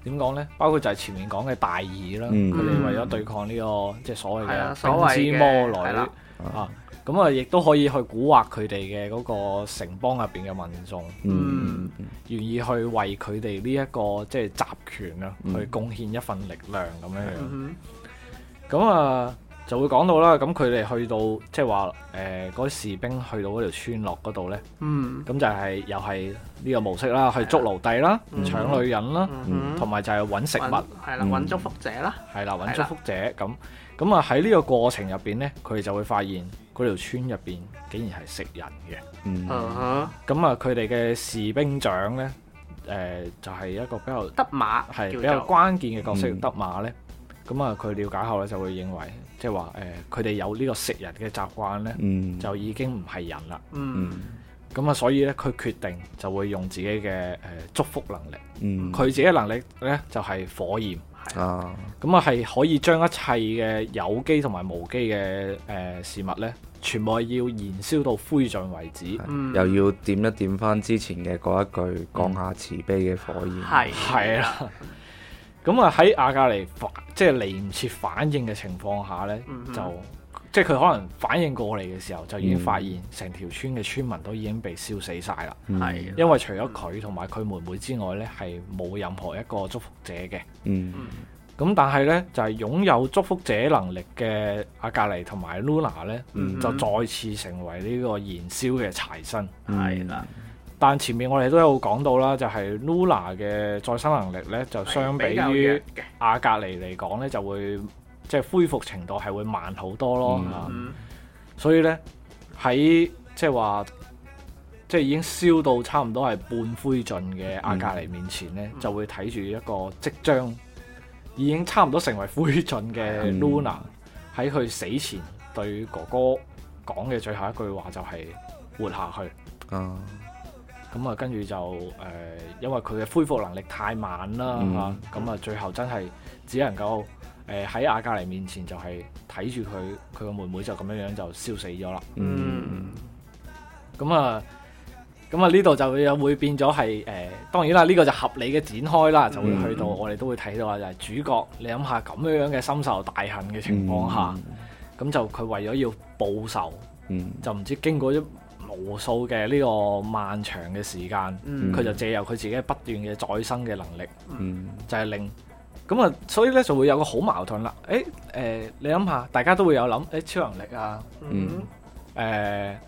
點講呢？包括就係前面講嘅大義啦，佢哋、嗯、為咗對抗呢、這個即係所謂嘅變之魔女啦，啊咁啊，亦都、嗯、可以去蠱惑佢哋嘅嗰個城邦入邊嘅民眾，嗯、願意去為佢哋呢一個即係集權啊，嗯、去貢獻一份力量咁樣、嗯、樣。咁啊～就會講到啦，咁佢哋去到即係話，誒嗰啲士兵去到嗰條村落嗰度咧，咁就係又係呢個模式啦，去捉奴隸啦，搶女人啦，同埋就係揾食物，係啦，揾祝福者啦，係啦，揾祝福者咁，咁啊喺呢個過程入邊呢，佢哋就會發現嗰條村入邊竟然係食人嘅，咁啊佢哋嘅士兵長呢，誒就係一個比較得馬，係比較關鍵嘅角色，得馬呢。咁啊，佢了解後咧就會認為，即係話誒，佢哋有呢個食人嘅習慣呢，就已經唔係人啦。咁啊，文所以呢，佢決定就會用自己嘅祝福能力。佢文自己嘅能力呢就係火焰。咁啊，係可以將一切嘅有機同埋無機嘅誒事物呢，全部要燃燒到灰燼為止。又要點一點翻之前嘅嗰一句，降下慈悲嘅火焰。係係，嗯、 是是啦。 咁啊喺阿格尼即係嚟唔切反應嘅情況下呢、mm hmm. 就即係佢可能反應過嚟嘅時候，就已經發現成條村嘅村民都已經被燒死晒啦。係、mm hmm. 因為除咗佢同埋佢妹妹之外呢，係冇任何一個祝福者嘅。嗯、mm，咁、hmm. 但係呢，就係、是、擁有祝福者能力嘅阿格尼同埋 Luna 咧，mm hmm. 就再次成為呢個燃燒嘅柴薪。係啦。但前面我哋都有講到啦，就係 Luna 嘅再生能力咧，就相比於阿格尼嚟講咧，就會即係、就係、恢復程度係會慢好多咯。Mm hmm. 所以咧，喺即係話即係已經燒到差唔多係半灰燼嘅阿格尼面前咧，mm hmm. 就會睇住一個即將已經差唔多成為灰燼嘅 Luna 喺佢死前對哥哥講嘅最後一句話，就係活下去。Uh. 咁啊，跟住就誒，因為佢嘅恢復能力太慢啦，嚇，咁啊，最後真係只能夠誒喺、呃、阿格尼面前就係睇住佢，佢個妹妹就咁樣樣就燒死咗啦，嗯嗯。嗯，咁啊，咁啊，呢度就會有會變咗係誒，當然啦，呢、呢個就合理嘅展開啦，嗯、就會去到我哋都會睇到啊，就係主角，你諗下咁樣樣嘅深仇大恨嘅情況下，咁、嗯、就佢為咗要報仇，嗯、就唔知經過一。無數嘅呢個漫長嘅時間，佢、嗯、就借由佢自己不斷嘅再生嘅能力，嗯、就係令咁啊，所以咧就會有個好矛盾啦。誒、欸、誒、呃，你諗下，大家都會有諗誒、欸、超能力啊，誒、嗯呃，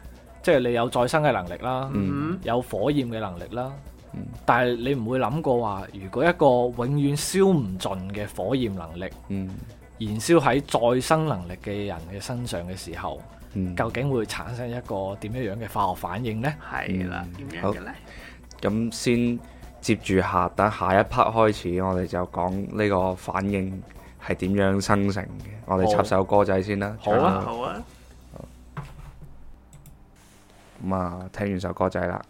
即係你有再生嘅能力啦，嗯、有火焰嘅能力啦，嗯、但係你唔會諗過話，如果一個永遠燒唔盡嘅火焰能力，燃燒喺再生能力嘅人嘅身上嘅時候。嗯、究竟會產生一個點樣樣嘅化學反應呢？係啦的，點、嗯、樣嘅咧？咁先接住下，等下一 part 開始，我哋就講呢個反應係點樣生成嘅。我哋插首歌仔先啦。好啊，好啊，好啊。咁啊、嗯，聽完首歌仔啦。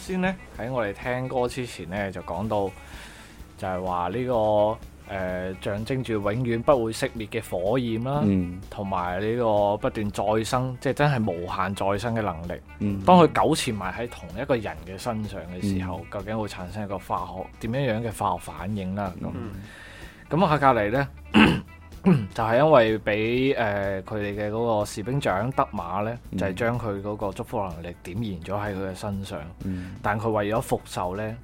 先呢，喺我哋聽歌之前呢，就講到就，這個，就係話呢個誒象徵住永遠不會熄滅嘅火焰啦，同埋呢個不斷再生，即係真係無限再生嘅能力。嗯、哼當佢糾纏埋喺同一個人嘅身上嘅時候，嗯、究竟會產生一個化學點樣樣嘅化學反應啦？咁咁喺隔籬呢。就係因為俾誒佢哋嘅嗰個士兵長德馬呢，嗯、就係將佢嗰個祝福能力點燃咗喺佢嘅身上。嗯、但佢為咗復仇呢，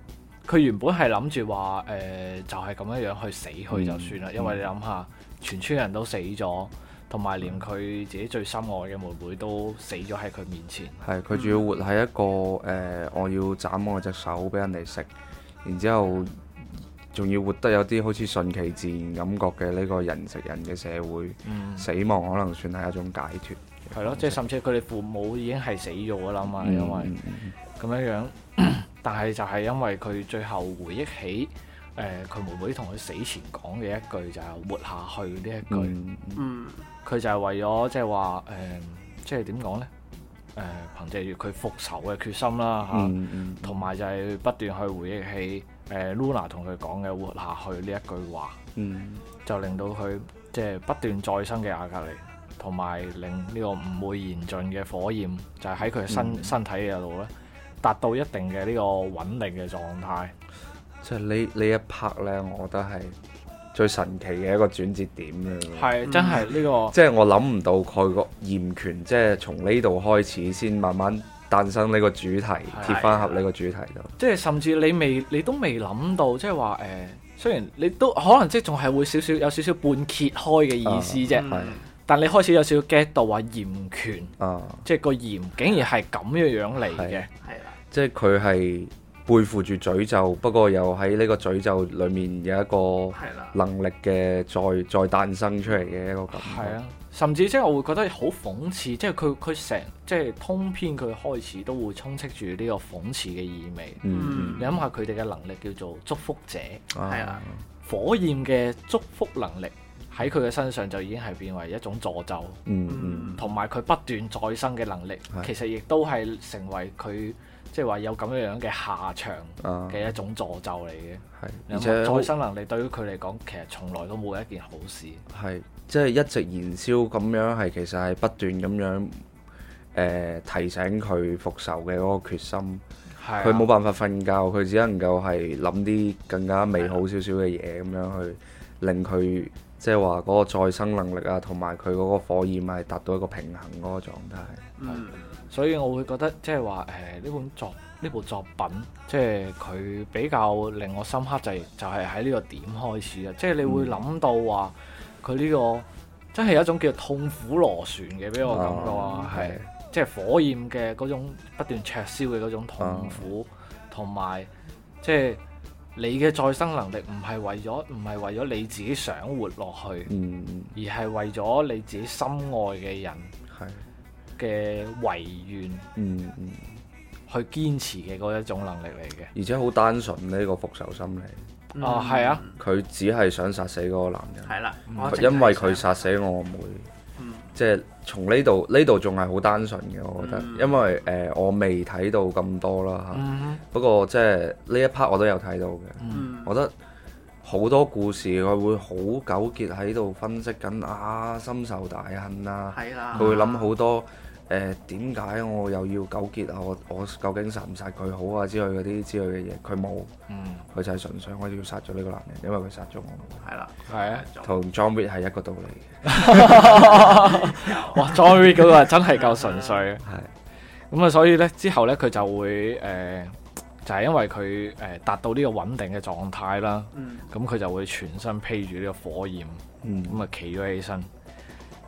佢原本係諗住話誒就係咁樣樣去死去就算啦。因為你諗下，嗯、全村人都死咗，同埋連佢自己最心愛嘅妹妹都死咗喺佢面前。係佢仲要活喺一個誒、嗯呃，我要斬我隻手俾人哋食，然之後。仲要活得有啲好似順其自然感覺嘅呢個人食人嘅社會，嗯、死亡可能算係一種解脫。係咯，即係甚至佢哋父母已經係死咗噶啦嘛，嗯、因為咁樣樣。嗯、但係就係因為佢最後回憶起，誒、呃、佢妹妹同佢死前講嘅一句就係活下去呢一句。就是、一句嗯，佢、嗯、就係為咗即係話誒，即係點講咧？誒、呃就是呃，憑藉住佢復仇嘅決心啦嚇，同、啊、埋、嗯嗯、就係不斷去回憶起。誒 Luna 同佢講嘅活下去呢一句話，嗯、就令到佢即係不斷再生嘅阿格尼，同埋令呢個唔會燃盡嘅火焰，就喺、是、佢身、嗯、身體嘅度咧，達到一定嘅呢個穩定嘅狀態。即係呢你一拍咧，我覺得係最神奇嘅一個轉折點咯。係、真係呢、嗯呢個。即係我諗唔到佢個炎拳，即係從呢度開始先慢慢。誕生呢個主題，貼返合呢個主題度 即係甚至你未，你都未諗到，即係話誒，雖然你都可能即係仲係會少少有少少半揭開嘅意思啫，啊、但你開始有少少 get 到話鹽拳，即係個鹽竟然係咁嘅樣嚟嘅，即係佢係背負住詛咒，不過又喺呢個詛咒裏面有一個能力嘅再的再誕生出嚟嘅一個感覺。甚至即係我會覺得好諷刺，即係佢佢成即係通篇佢開始都會充斥住呢個諷刺嘅意味。嗯，你諗下佢哋嘅能力叫做祝福者，係啊，啊，火焰嘅祝福能力喺佢嘅身上就已經係變為一種詛咒，嗯。嗯，同埋佢不斷再生嘅能力，其實亦都係成為佢是即係話有咁樣樣嘅下場嘅一種詛咒嚟嘅。係，啊，想想而且再生能力對於佢嚟講，其實從來都冇一件好事。係。即係一直燃燒咁樣，係其實係不斷咁樣誒提醒佢復仇嘅嗰個決心。係佢冇辦法瞓覺，佢只能夠係諗啲更加美好少少嘅嘢，咁樣去令佢，即係話嗰個再生能力啊，同埋佢嗰個火焰係達到一個平衡嗰個狀態。嗯，所以我會覺得即係話誒呢本作呢部作品，即係佢比較令我深刻就係就係喺呢個點開始啊！即係你會諗到話。嗯佢呢、呢個真係一種叫痛苦螺旋嘅，俾我感覺係、啊、係即係火焰嘅嗰種不斷灼燒嘅嗰種痛苦，同埋、啊、即係你嘅再生能力唔係為咗唔係為咗你自己想活落去，嗯、而係為咗你自己心愛嘅人嘅遺願、嗯嗯嗯、去堅持嘅嗰一種能力嚟嘅，而且好單純呢、呢個復仇心理。哦，係啊、嗯！佢只係想殺死嗰個男人，係啦、嗯，因為佢殺死我妹妹，即係從呢度呢度仲係好單純嘅，我覺得，嗯、因為誒、呃、我未睇到咁多啦吓、嗯啊，不過即係呢一 part 我都有睇到嘅，嗯、我覺得好多故事佢會好糾結喺度分析緊啊，深受大恨啊，佢、嗯、會諗好多。誒點解我又要糾結啊？我我究竟殺唔殺佢好啊？之類嗰啲之類嘅嘢，佢冇，佢、嗯、就係純粹我要殺咗呢個男人，因為佢殺咗我。係啦，係啊，同 John Wick 係一個道理。 哇，John Wick 嗰個真係夠純粹。係，咁啊，所以咧之後咧，佢就會誒、呃，就係、是、因為佢誒、呃、達到呢個穩定嘅狀態啦。咁佢、嗯、就會全身披住呢個火焰。咁啊、嗯， 企咗起身。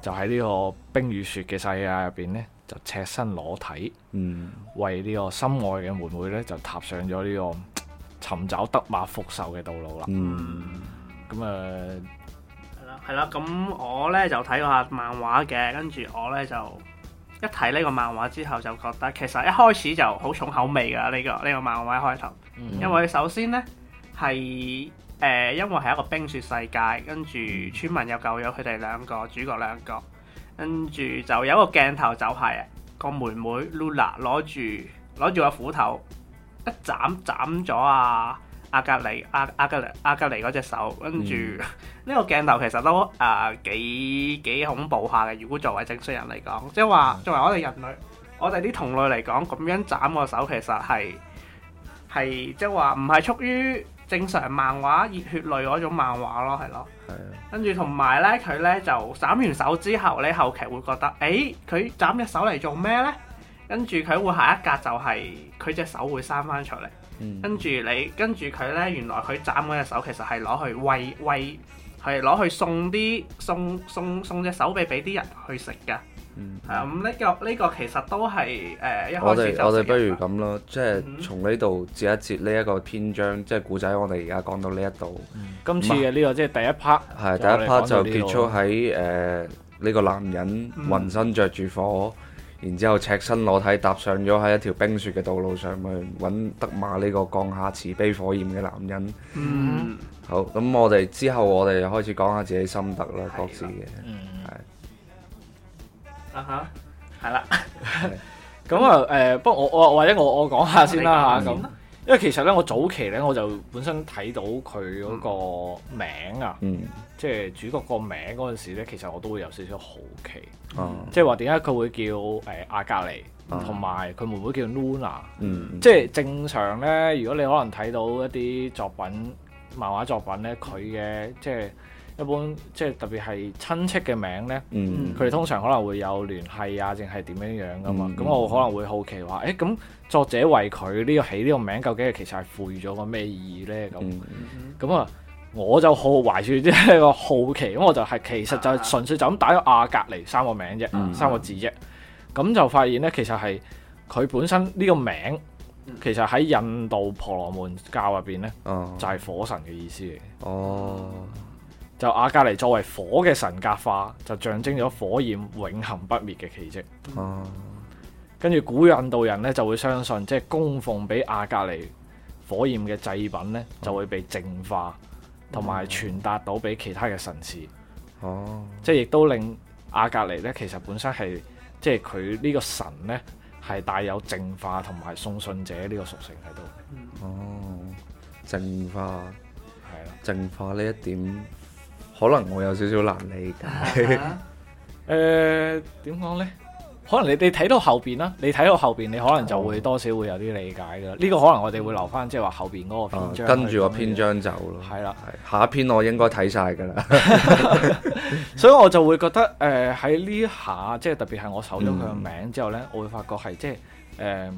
就喺呢個冰與雪嘅世界入邊呢，就赤身裸體，嗯、為呢個心愛嘅妹妹呢，就踏上咗呢、這個尋找德馬復仇嘅道路啦。咁啊、嗯，係啦係啦。咁、呃、我呢，就睇過下漫畫嘅，跟住我呢，就一睇呢個漫畫之後，就覺得其實一開始就好重口味噶呢、這個呢、這個漫畫一開頭，因為首先呢，係。誒，因為係一個冰雪世界，跟住村民又救咗佢哋兩個主角兩個，跟住就有一個鏡頭就係啊個妹妹 Luna 攞住攞住個斧頭，一斬斬咗阿阿格尼阿阿格阿格尼嗰隻手，跟住呢個鏡頭其實都誒幾幾恐怖下嘅，如果作為正常人嚟講，即係話作為我哋人類，我哋啲同類嚟講，咁樣斬個手其實係係即係話唔係屬於。正常漫畫熱血類嗰種漫畫咯，係咯，跟住同埋咧，佢咧就斬完手之後咧，你後期會覺得，誒、欸，佢斬隻手嚟做咩咧？跟住佢會下一格就係佢隻手會生翻出嚟、嗯，跟住你跟住佢咧，原來佢斬嗰隻手其實係攞去餵餵，係攞去送啲送送送隻手臂俾啲人去食㗎。係啊，咁呢個呢個其實都係誒，一我哋我哋不如咁咯，即係從呢度截一截呢一個篇章，即係古仔，我哋而家講到呢一度。今次嘅呢個即係第一 part，係第一 part 就結束喺誒呢個男人渾身着住火，然之後赤身裸體踏上咗喺一條冰雪嘅道路上去，揾德馬呢個降下慈悲火焰嘅男人。嗯，好，咁我哋之後我哋又開始講下自己心得啦，各自嘅。吓，係啦。咁、呃、啊，誒、嗯，不過我我或者我我講下先啦吓，咁，因為其實咧，我早期咧，我就本身睇到佢嗰個名啊，即係、嗯、主角個名嗰陣時咧，其實我都會有少少好奇，即係話點解佢會叫誒、呃、阿格尼，同埋佢妹妹叫 Luna，即係正常咧，如果你可能睇到一啲作品，漫畫作品咧，佢嘅即係。即係一般即係特別係親戚嘅名呢，佢哋、嗯嗯、通常可能會有聯繫啊，定係點樣樣噶嘛。咁、嗯嗯、我可能會好奇話，誒咁、嗯嗯欸、作者為佢呢個起呢個名，究竟係其實係賦予咗個咩意義呢？嗯嗯」咁咁啊，我就好懷住啲個好奇，咁我就係其實就係純粹就咁打咗阿格尼三個名啫，三個字啫。咁、嗯嗯、就發現呢，其實係佢本身呢個名，其實喺印度婆羅門教入邊呢，嗯嗯就係火神嘅意思嘅、嗯。哦。就阿格尼作為火嘅神格化，就象徵咗火焰永恆不滅嘅奇蹟。哦、啊，跟住古印度人呢，就會相信，即係供奉俾阿格尼火焰嘅祭品呢，啊、就會被淨化，同埋傳達到俾其他嘅神祇。哦、啊，即係亦都令阿格尼呢，其實本身係即係佢呢個神呢，係帶有淨化同埋送信者呢個屬性喺度。哦、啊，淨化，係啦，淨化呢一點。可能我有少少難理解，誒，點講呢？可能你哋睇到後邊啦，你睇到後邊，你可能就會多少會有啲理解噶啦。呢、這個可能我哋會留翻，即係話後邊嗰個篇章，啊，跟住個篇章走咯。係啦，下一篇我應該睇晒噶啦，所以我就會覺得誒，喺呢下，即係特別係我搜到佢嘅名之後呢，嗯、我會發覺係即係、呃、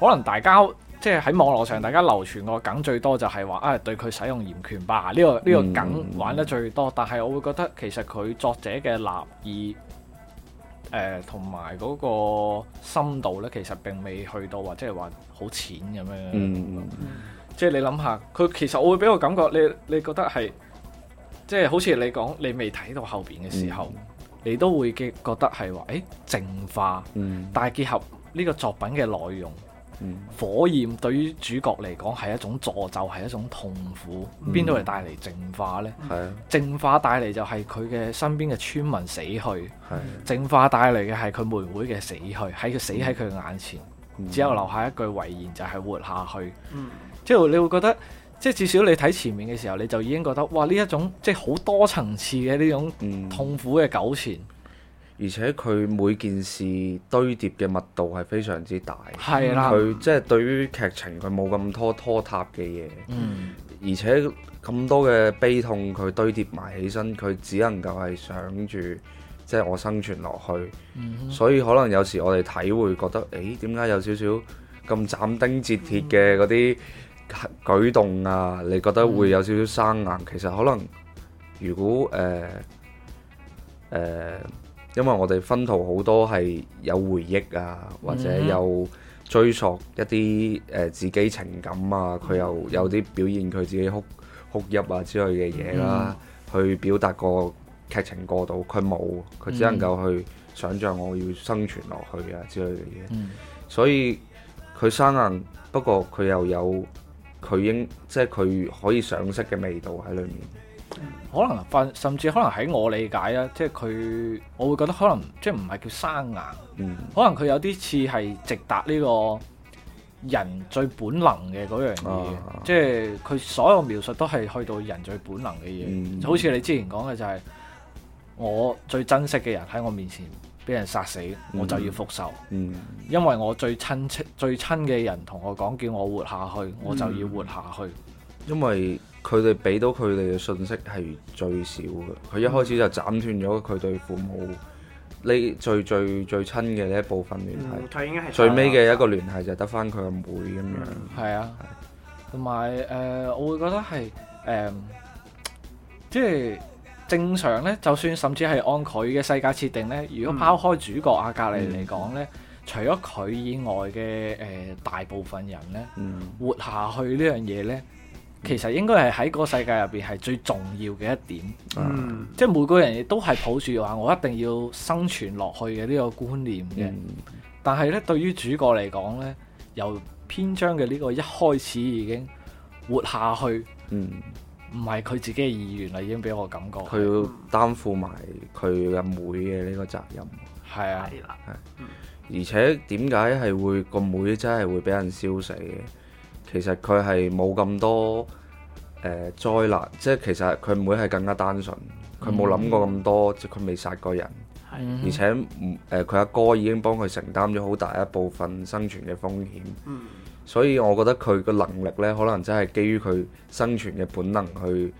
可能大家。即係喺網絡上，大家流傳個梗最多就係話啊，對佢使用嚴權吧，呢、呢個呢、呢個梗玩得最多。但係我會覺得，其實佢作者嘅立意誒，同埋嗰個深度呢，其實並未去到，或者係話好淺咁樣的。嗯、即係你諗下，佢其實我會俾個感覺，你你覺得係，即、就、係、係、好似你講，你未睇到後邊嘅時候，嗯、你都會嘅覺得係話誒淨化，嗯，但係結合呢個作品嘅內容。嗯、火焰對於主角嚟講，係一種詛咒，係一種痛苦。邊度嚟帶嚟淨化呢？係啊、淨化帶嚟就係佢嘅身邊嘅村民死去。係啊、淨化帶嚟嘅係佢妹妹嘅死去，喺佢死喺佢眼前，嗯、只有留下一句遺言就係活下去。嗯、即係你會覺得，即係至少你睇前面嘅時候，你就已經覺得，哇！呢一種即係好多層次嘅呢種痛苦嘅糾纏。嗯而且佢每件事堆疊嘅密度係非常之大，佢的、嗯、即係對於劇情佢冇咁拖拖沓嘅嘢，嗯、而且咁多嘅悲痛佢堆疊埋起身，佢只能夠係想住即係我生存落去。嗯、哼所以可能有時我哋睇會覺得，誒，點解有少少咁斬釘截鐵嘅嗰啲舉動啊？你覺得會有少少生硬？嗯、其實可能如果誒。誒、呃。呃因為我哋分圖好多係有回憶啊，或者有追溯一啲誒、呃、自己情感啊，佢又有啲表現佢自己哭哭泣啊之類嘅嘢啦，嗯、去表達個劇情過度，佢冇，佢只能夠去想像我要生存落去啊之類嘅嘢，嗯、所以佢生硬，不過佢又有佢應即係佢可以賞識嘅味道喺裏面。可能，甚至可能喺我理解啦，即係佢，我會覺得可能即係唔係叫生硬，嗯、可能佢有啲似係直達呢個人最本能嘅嗰樣嘢，啊、即係佢所有描述都係去到人最本能嘅嘢，就好似、嗯、你之前講嘅就係、是、我最珍惜嘅人喺我面前俾人殺死，我就要復仇，嗯嗯、因為我最親最親嘅人同我講叫我活下去，我就要活下去，嗯、因為。佢哋俾到佢哋嘅信息係最少嘅，佢一開始就斬斷咗佢對父母呢、嗯、最最最親嘅呢一部分聯繫，嗯、最尾嘅一個聯繫就得返佢阿妹咁樣。係、嗯、啊，同埋誒，我會覺得係誒，即、呃、係、就係、正常呢，就算甚至係按佢嘅世界設定呢，如果拋開主角阿格雷嚟講呢，嗯、除咗佢以外嘅誒、呃、大部分人呢，嗯、活下去呢樣嘢呢。其實應該係喺個世界入邊係最重要嘅一點，嗯、即係每個人亦都係抱住話我一定要生存落去嘅呢個觀念嘅。嗯、但係咧，對於主角嚟講咧，由篇章嘅呢個一開始已經活下去，唔係佢自己嘅意願啦，已經俾我感覺，佢要擔負埋佢嘅妹嘅呢個責任。係啊，係啦，係。嗯、而且點解係會個妹妹真係會俾人燒死嘅？其實佢係冇咁多誒、呃、災難，即係其實佢妹係更加單純，佢冇諗過咁多，即佢未殺過人，嗯、而且誒佢阿哥已經幫佢承擔咗好大一部分生存嘅風險，嗯、所以我覺得佢個能力呢，可能真係基於佢生存嘅本能去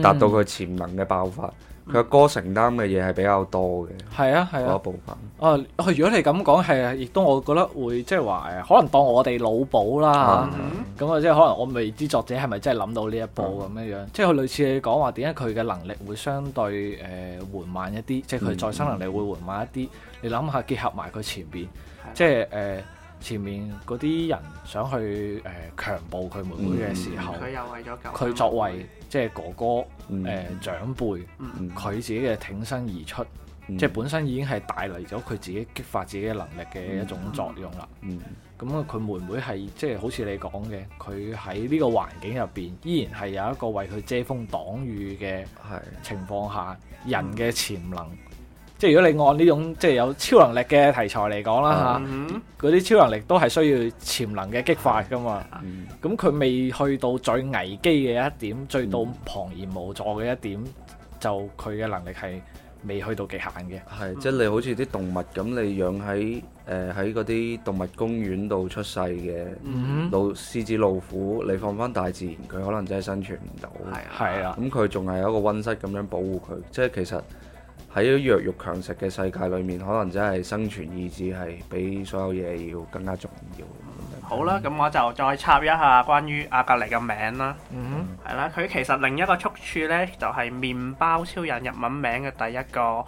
達到佢潛能嘅爆發。嗯佢阿哥承擔嘅嘢係比較多嘅，係啊係啊，嗰、啊、部分。啊，佢如果你咁講，係啊亦都我覺得會即係話誒，可能當我哋腦補啦，咁啊即係可能我未知作者係咪真係諗到呢一步咁樣、嗯、樣，即係佢類似你講話點解佢嘅能力會相對誒、呃、緩慢一啲，即係佢再生能力會緩慢一啲。嗯、你諗下結合埋佢前邊，啊、即係誒。呃前面嗰啲人想去誒強暴佢妹妹嘅時候，佢又為咗救佢，佢作為即係、就是、哥哥誒、嗯呃、長輩，佢、嗯、自己嘅挺身而出，即係本身已經係帶嚟咗佢自己激發自己嘅能力嘅一種作用啦、嗯。嗯，咁佢妹妹係即係好似你講嘅，佢喺呢個環境入邊依然係有一個為佢遮風擋雨嘅情況下，嗯嗯、人嘅潛能。即係如果你按呢種即係有超能力嘅題材嚟講啦吓，嗰啲、uh huh. 超能力都係需要潛能嘅激發噶嘛。咁佢、uh huh. 未去到最危機嘅一點，最到徬徨無助嘅一點，uh huh. 就佢嘅能力係未去到極限嘅。係即係你好似啲動物咁，你養喺誒喺嗰啲動物公園度出世嘅，uh huh. 老獅子、老虎，你放翻大自然，佢可能真係生存唔到。係啊、uh，咁佢仲係有一個溫室咁樣保護佢，即係其實。喺弱肉強食嘅世界裏面，可能真係生存意志係比所有嘢要更加重要。好啦，咁、嗯、我就再插一下關於阿格尼嘅名啦，嗯哼，係啦。佢其實另一個出處呢，就係、是、麵包超人日文名嘅第一個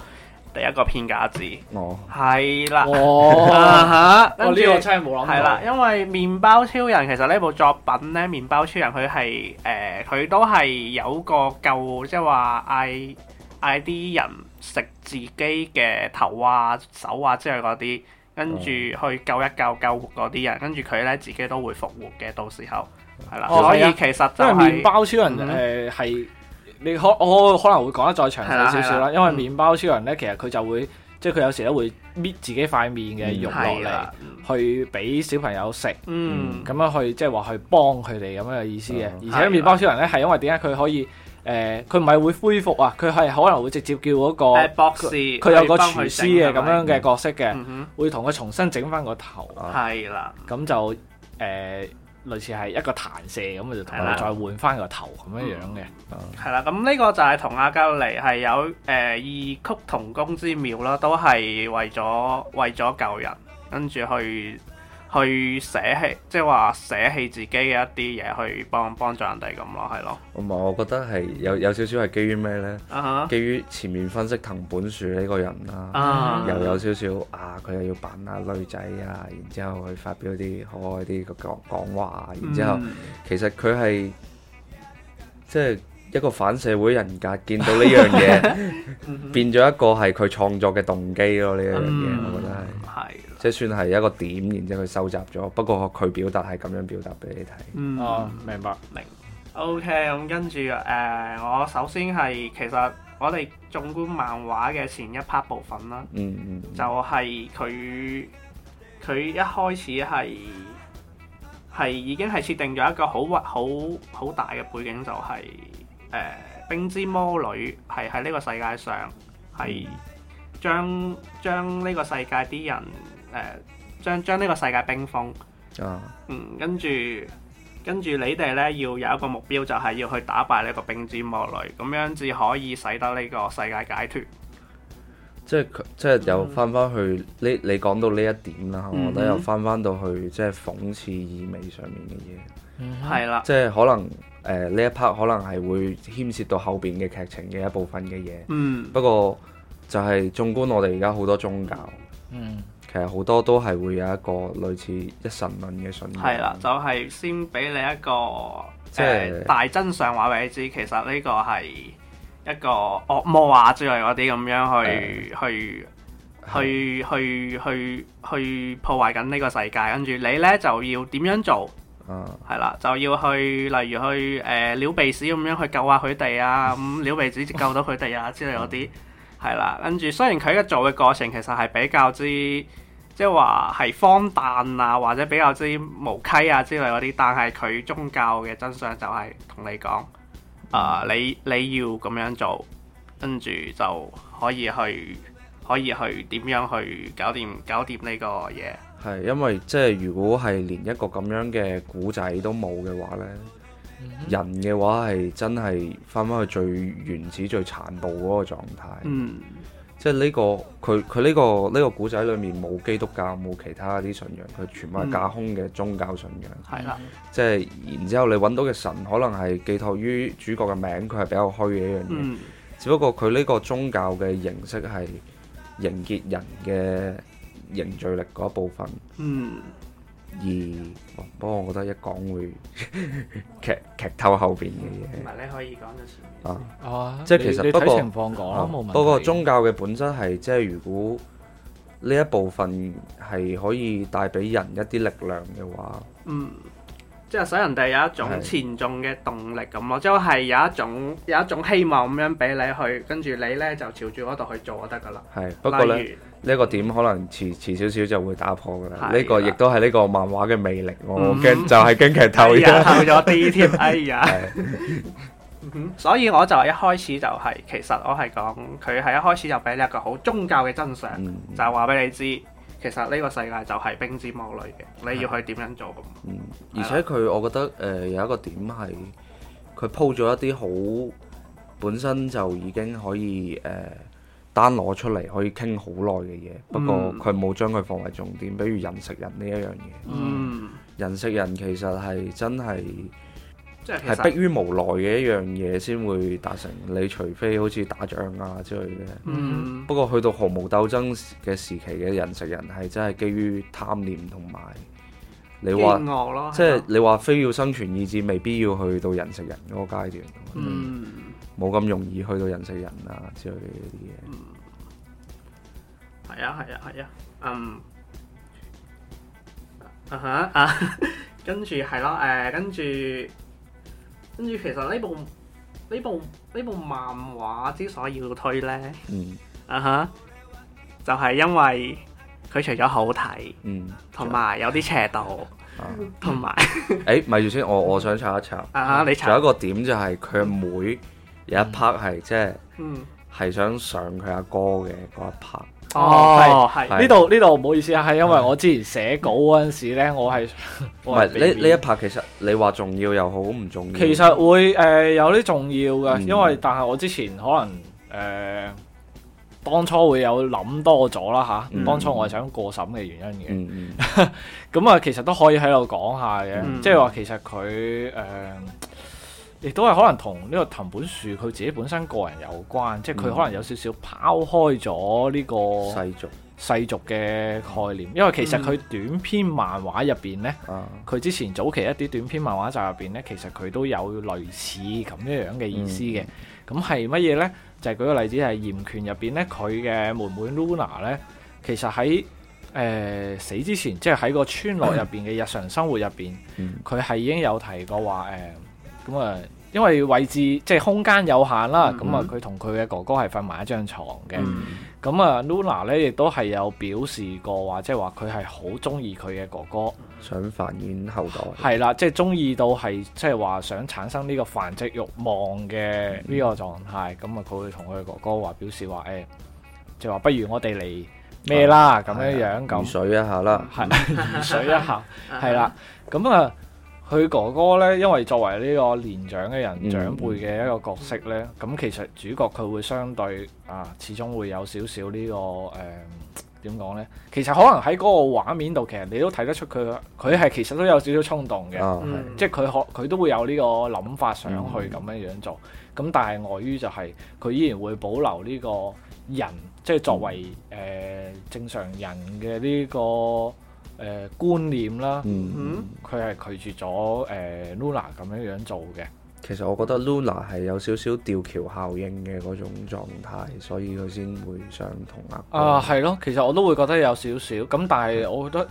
第一個片假字。哦、喔，係啦，哦呢個真係冇諗，係啦，因為麵包超人其實呢部作品呢，麵包超人佢係誒佢都係有個舊即係話嗌嗌啲人。食自己嘅頭啊、手啊之類嗰啲，跟住去救一救救活嗰啲人，跟住佢咧自己都會復活嘅。到時候係啦，哦、所以其實即、就是、因為麵包超人誒係、嗯呃、你可我，我可能會講得再詳細少少啦，嗯、因為麵包超人咧其實佢就會即係佢有時咧會搣自己塊面嘅肉落嚟，嗯、去俾小朋友食。嗯，咁樣去即係話去幫佢哋咁樣嘅意思嘅、嗯。而且麵包超人咧係因為點解佢可以？誒佢唔係會恢復啊！佢係可能會直接叫嗰、那個博士，佢有個廚師嘅咁樣嘅角色嘅，是是會同佢重新整翻個頭。係啦、嗯哼，咁就誒、呃、類似係一個彈射咁，就同佢再換翻個頭咁、嗯、樣樣嘅。係、嗯、啦，咁呢個就係同阿格洛尼係有誒異、呃、曲同工之妙啦，都係為咗為咗救人跟住去。去捨棄，即係話捨棄自己嘅一啲嘢去幫幫助人哋咁咯，係咯。同埋、嗯、我覺得係有有少少係基於咩呢？Uh huh. 基於前面分析藤本樹呢個人啦，uh huh. 又有少少啊，佢又要扮下女仔啊，然之後去發表啲可愛啲嘅講講話，然後之後、mm hmm. 其實佢係即係一個反社會人格，見到呢樣嘢變咗一個係佢創作嘅動機咯，呢一樣嘢，我覺得係。Mm hmm. 即算係一個點，然之後佢收集咗。不過佢表達係咁樣表達俾你睇。嗯，哦、啊，明白，明白。O K，咁跟住誒、呃，我首先係其實我哋縱觀漫畫嘅前一 part 部分啦、嗯。嗯嗯。就係佢佢一開始係係已經係設定咗一個好好好好大嘅背景，就係、是、誒、呃、冰之魔女係喺呢個世界上係將將呢個世界啲人。誒，將將呢個世界冰封，啊、嗯，跟住跟住你哋咧，要有一個目標，就係、是、要去打敗呢個冰之魔女，咁樣至可以使得呢個世界解脫。即係即係又返返去呢、嗯，你講到呢一點啦，嗯、我覺得又返返到去即係諷刺意味上面嘅嘢，係、嗯、啦，即係可能誒呢、呃、一 part 可能係會牽涉到後邊嘅劇情嘅一部分嘅嘢，嗯，不過就係縱觀我哋而家好多宗教，嗯。嗯其實好多都係會有一個類似一神論嘅信仰。係啦，就係、是、先俾你一個即係是、呃、大真相話俾你知，其實呢個係一個惡魔啊之類嗰啲咁樣去、欸、去去是的 去去去，去，去破壞緊呢個世界，跟住你咧就要點樣做？嗯，係啦，就要去例如去誒撩、呃、鼻屎咁樣去救下佢哋啊，咁撩 鼻屎就救到佢哋啊之類嗰啲。係啦，跟住雖然佢嘅做嘅過程其實係比較之即係話係荒誕啊，或者比較之無稽啊之類嗰啲，但係佢宗教嘅真相就係同你講，啊、呃、你你要咁樣做，跟住就可以去可以去點樣去搞掂搞掂呢個嘢。係，因為即係如果係連一個咁樣嘅古仔都冇嘅話咧。人嘅話係真係翻返去最原始、最殘暴嗰、嗯，個狀態，即係呢個佢佢呢個呢個古仔裏面冇基督教冇其他啲信仰，佢全部係架空嘅宗教信仰，係啦、嗯。即係然之後你揾到嘅神可能係寄託於主角嘅名，佢係比較虛嘅一樣嘢。嗯、只不過佢呢個宗教嘅形式係凝結人嘅凝聚力嗰一部分。嗯而不過，我覺得一講會 劇劇透後邊嘅嘢。唔係，你可以講就前啊啊！啊即係其實不過、啊、宗教嘅本身係即係如果呢一部分係可以帶俾人一啲力量嘅話，嗯，即係使人哋有一種前進嘅動力咁咯。即係是有一種有一種希望咁樣俾你去，跟住你咧就朝住嗰度去做就得噶啦。係是如不過咧。呢個點可能遲遲少少就會打破噶啦，呢的個亦都係呢個漫畫嘅魅力。我、嗯、就驚就係驚劇透，透咗啲添。哎呀，所以我就一開始就係、是，其實我係講佢係一開始就俾你一個好宗教嘅真相，嗯、就話俾你知，其實呢個世界就係冰之魔女嘅，你要去點樣做咁、嗯。而且佢我覺得誒、呃、有一個點係，佢鋪咗一啲好本身就已經可以誒。呃單攞出嚟可以傾好耐嘅嘢。嗯、不過佢冇將佢放為重點，比如人食人呢一樣嘢。嗯、人食人其實係真係係是迫於無奈嘅一樣嘢先會達成，你除非好似打仗啊之類嘅。嗯、不過去到毫無鬥爭嘅時期嘅人食人係真係基於貪念同埋你話。即係的你話非要生存意志未必要去到人食人嗰個階段。嗯嗯冇咁容易去到人死人啊之類嘅啲嘢。嗯，係啊係啊係啊。嗯，啊哈啊。跟住係咯，誒跟住跟住其實呢部呢部呢部漫畫之所以要推咧，嗯，啊哈，就係因為佢除咗好睇，嗯，同埋有啲邪道，同埋，誒咪住先，我我想插一插。啊，你插。仲有一個點就係佢阿妹。有一 part 係即係，係想上佢阿哥嘅嗰一 part。哦，係呢度呢度唔好意思啊，係因為我之前寫稿嗰陣時咧，是我係係呢呢一 part 其實你話重要又好唔重要？其實會誒、呃、有啲重要嘅，是因為但係我之前可能誒、呃、當初會有諗多咗啦吓，當初我係想過審嘅原因嘅。咁啊、嗯， 其實都可以喺度講下嘅，即係話其實佢誒。呃亦都係可能同呢個藤本樹佢自己本身個人有關，嗯、即係佢可能有少少拋開咗呢個世俗世俗嘅概念，因為其實佢短篇漫畫入邊呢，佢、嗯、之前早期一啲短篇漫畫集入邊呢，其實佢都有類似咁樣樣嘅意思嘅。咁係乜嘢呢？就係、是、舉個例子，係《炎拳》入邊呢，佢嘅妹妹 Luna 咧，其實喺誒、呃、死之前，即係喺個村落入邊嘅日常生活入邊，佢係、嗯、已經有提過話誒。呃咁啊，因為位置即係空間有限啦，咁啊，佢同佢嘅哥哥係瞓埋一張床嘅。咁啊，Luna 咧亦都係有表示過話，即係話佢係好中意佢嘅哥哥，想繁衍後代。係 啦，即係中意到係，即係話想產生呢個繁殖欲望嘅呢個狀態。咁啊，佢會同佢嘅哥哥話表示話，誒、欸，就話不如我哋嚟咩啦咁、嗯、樣樣咁，啊、水一下啦，係，水一下，係啦，咁啊。佢哥哥咧，因為作為呢個年長嘅人、長輩嘅一個角色咧，咁、嗯嗯、其實主角佢會相對啊，始終會有少少、呢個呃、呢個誒點講咧。其實可能喺嗰個畫面度，其實你都睇得出佢佢係其實都有少少衝動嘅，即係佢可佢都會有呢個諗法想去咁樣樣做。咁、嗯嗯、但係、呃、礙於就係佢依然會保留呢個人，即、就、係、是、作為誒、嗯呃、正常人嘅呢、呢個。觀念啦，佢係、嗯嗯、拒絕咗誒、呃、Luna 咁樣樣做嘅。其實我覺得 Luna 係有少少吊橋效應嘅嗰種狀態，所以佢先會想同阿啊，係咯。其實我都會覺得有少少咁，但係我覺得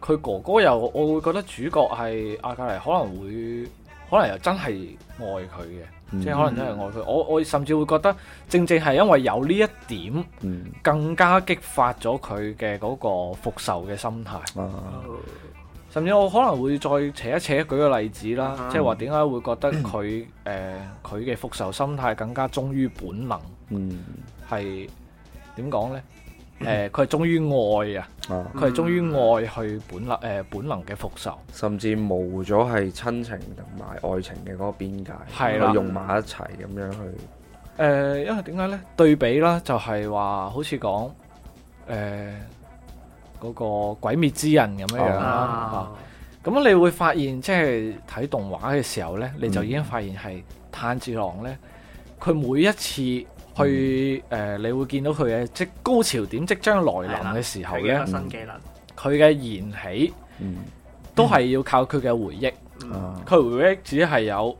佢哥哥又，我會覺得主角係阿嘉尼可能會。可能又真係愛佢嘅，即係可能真係愛佢、嗯。我我甚至會覺得，正正係因為有呢一點，嗯、更加激發咗佢嘅嗰個復仇嘅心態、啊嗯。甚至我可能會再扯一扯，舉個例子啦，啊、即係話點解會覺得佢誒佢嘅復仇心態更加忠於本能？嗯，係點講呢？誒佢係忠於愛啊！佢係忠於愛去本立誒、呃、本能嘅復仇，甚至模糊咗係親情同埋愛情嘅嗰個邊界，佢融埋一齊咁樣去。誒、呃，因為點解咧？對比啦，就係、是、話好似講誒嗰、呃那個鬼滅之刃咁樣啦。咁、哦啊啊、你會發現，即係睇動畫嘅時候咧，你就已經發現係、嗯、炭治郎咧，佢每一次。去誒、呃，你會見到佢嘅即高潮點即將來臨嘅時候咧，佢嘅新技能，佢嘅燃起、嗯、都係要靠佢嘅回憶。佢、嗯、回憶只係有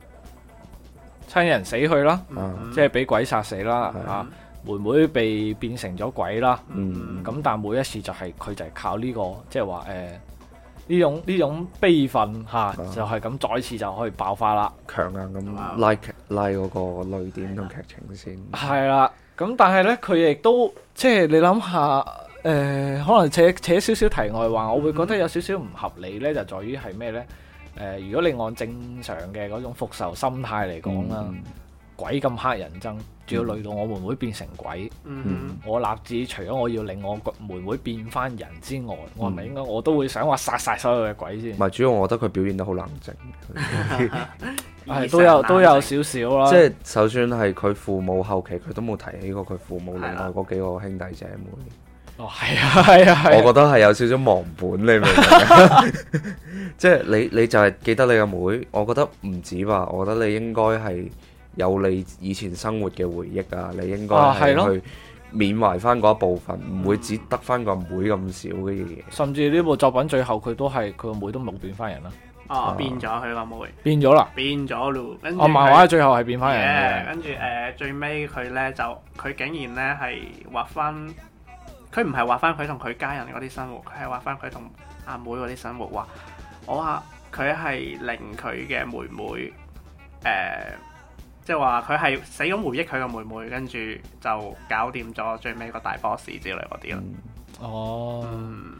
親人死去啦，嗯、即係俾鬼殺死啦，嗯、啊妹妹被變成咗鬼啦。咁、嗯、但係每一次就係、係、佢就係靠呢、呢個，即係話誒。呃呢種呢種悲憤嚇，啊、就係咁再次就可以爆發啦。強硬咁拉劇拉嗰個淚點同劇情先。係啦的，咁但係呢，佢亦都即係你諗下，誒、呃、可能扯扯少少題外話，嗯、我會覺得有少少唔合理呢，就在於係咩呢？誒、呃，如果你按正常嘅嗰種復仇心態嚟講啦，嗯、鬼咁黑人憎。主要累到我妹妹變成鬼，mm hmm. 我立志除咗我要令我妹妹變翻人之外，mm hmm. 我係咪應該我都會想話殺晒所有嘅鬼先？唔係，主要我覺得佢表現得好冷靜，係都 有都有少少咯。 即係，就算係佢父母後期，佢都冇提起過佢父母另外嗰幾個兄弟姐妹。哦，係啊，係啊，我覺得係有少，少少忘本你明唔明？ 即係你你就係記得你嘅妹，妹，我覺得唔止吧。我覺得你應該係。有你以前生活嘅回憶啊！你應該係去緬懷翻嗰一部分，唔、啊、會只得翻個妹咁少嘅嘢。甚至呢部作品最後佢都係佢個妹都冇變翻人啦，啊。哦，變咗佢個妹。變咗啦。變咗咯。哦，漫畫，啊，最後係變翻人 yeah, 跟住誒，呃，最尾佢咧就佢竟然咧係畫翻佢唔係畫翻佢同佢家人嗰啲生活，佢係畫翻佢同阿妹嗰啲生活。話我話佢係令佢嘅妹妹誒。呃即係話佢係死咁回憶佢個妹妹，跟住就搞掂咗最尾個大 boss 之類嗰啲咯。哦，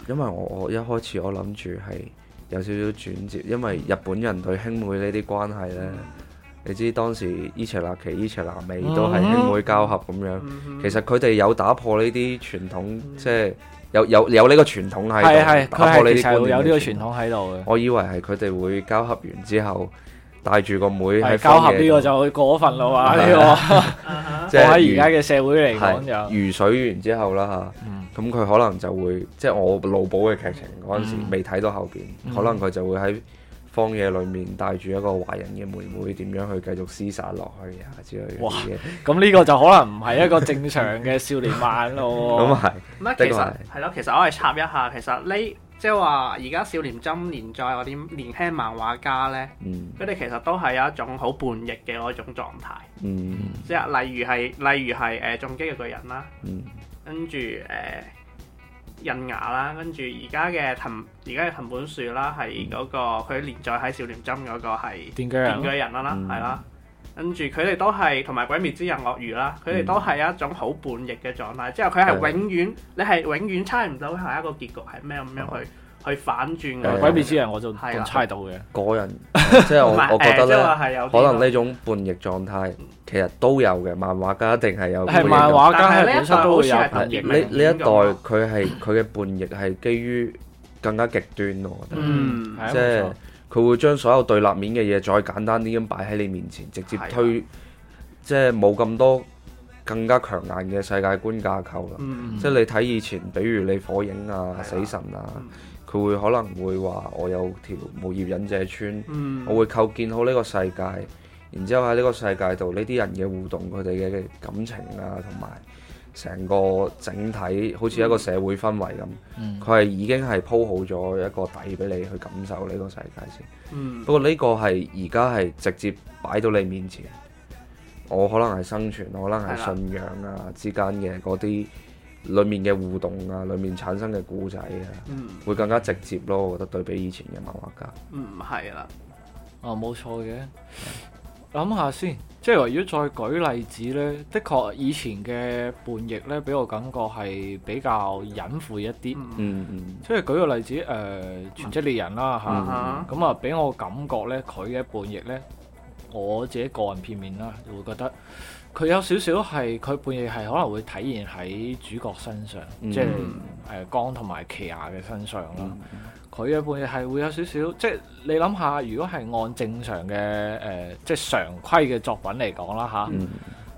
因為我我一開始我諗住係有少少轉折，因為日本人對兄妹呢啲關係呢，嗯、你知當時伊邪那岐、伊邪那美都係兄妹交合咁樣，嗯嗯嗯、其實佢哋有打破呢啲傳統，嗯、即係有有有呢個傳統喺度，係係係打破呢啲觀念有呢個傳統喺度嘅。我以為係佢哋會交合完之後。帶住個妹喺荒野交合呢個就過分啦嘛呢個，即係而家嘅社會嚟講就。魚水完之後啦吓，咁佢、嗯嗯、可能就會，即係我腦補嘅劇情嗰陣時未睇到後邊，嗯、可能佢就會喺荒野裏面帶住一個華人嘅妹妹，點樣去繼續厮殺落去啊之類嘅嘢。咁呢個就可能唔係一個正常嘅少年漫咯。咁係 是，唔係其實係咯實，其實我係插一下，其實你。即係話，而家《少年針》連載嗰啲年輕漫畫家咧，佢哋、嗯、其實都係有一種好叛逆嘅嗰一種狀態。嗯、即係例如係，例如係誒、呃《進擊嘅巨人》嗯呃、啦，跟住誒《刃牙》啦，跟住而家嘅藤而家嘅藤本樹啦、那個，係嗰個佢連載喺《少年針》嗰個係《電鋸人》啦，係、嗯、啦。跟住佢哋都係同埋《鬼滅之刃》鱷魚啦，佢哋都係一種好叛逆嘅狀態，即係佢係永遠，你係永遠猜唔到下一個結局係咩咁樣去去反轉嘅。《鬼滅之刃》我就猜到嘅。個人即係我，我覺得咧，可能呢種叛逆狀態其實都有嘅，漫畫家一定係有。係漫畫家，本身都會有。呢呢一代佢係佢嘅叛逆係基於更加極端咯。我覺得。嗯，即係。佢會將所有對立面嘅嘢再簡單啲咁擺喺你面前，直接推，的即係冇咁多更加強硬嘅世界觀架構啦。嗯嗯，即係你睇以前，比如你火影啊、的死神啊，佢、嗯、會可能會話：我有條木葉忍者村，嗯嗯，我會構建好呢個世界，然之後喺呢個世界度呢啲人嘅互動，佢哋嘅感情啊，同埋。成個整體好似一個社會氛圍咁，佢係、嗯、已經係鋪好咗一個底俾你去感受呢個世界先。嗯、不過呢個係而家係直接擺到你面前，我可能係生存，可能係信仰啊、嗯、之間嘅嗰啲裡面嘅互動啊，裡面產生嘅故仔啊，嗯、會更加直接咯。我覺得對比以前嘅漫畫家，唔係啦，哦，冇錯嘅。諗下先。即係如果再舉例子呢，的確以前嘅叛逆呢，俾我感覺係比較隱晦一啲。嗯嗯、mm。Hmm. 即係舉個例子，誒、呃，全職獵人啦嚇，咁啊俾、mm hmm. 我感覺呢，佢嘅叛逆呢，我自己個人片面啦，就會覺得佢有少少係佢叛逆係可能會體現喺主角身上，mm hmm. 即係誒光同埋奇亞嘅身上啦。Mm hmm. 佢一般嘅係會有少少，即係你諗下，如果係按正常嘅誒、呃，即係常規嘅作品嚟講啦，吓，誒、嗯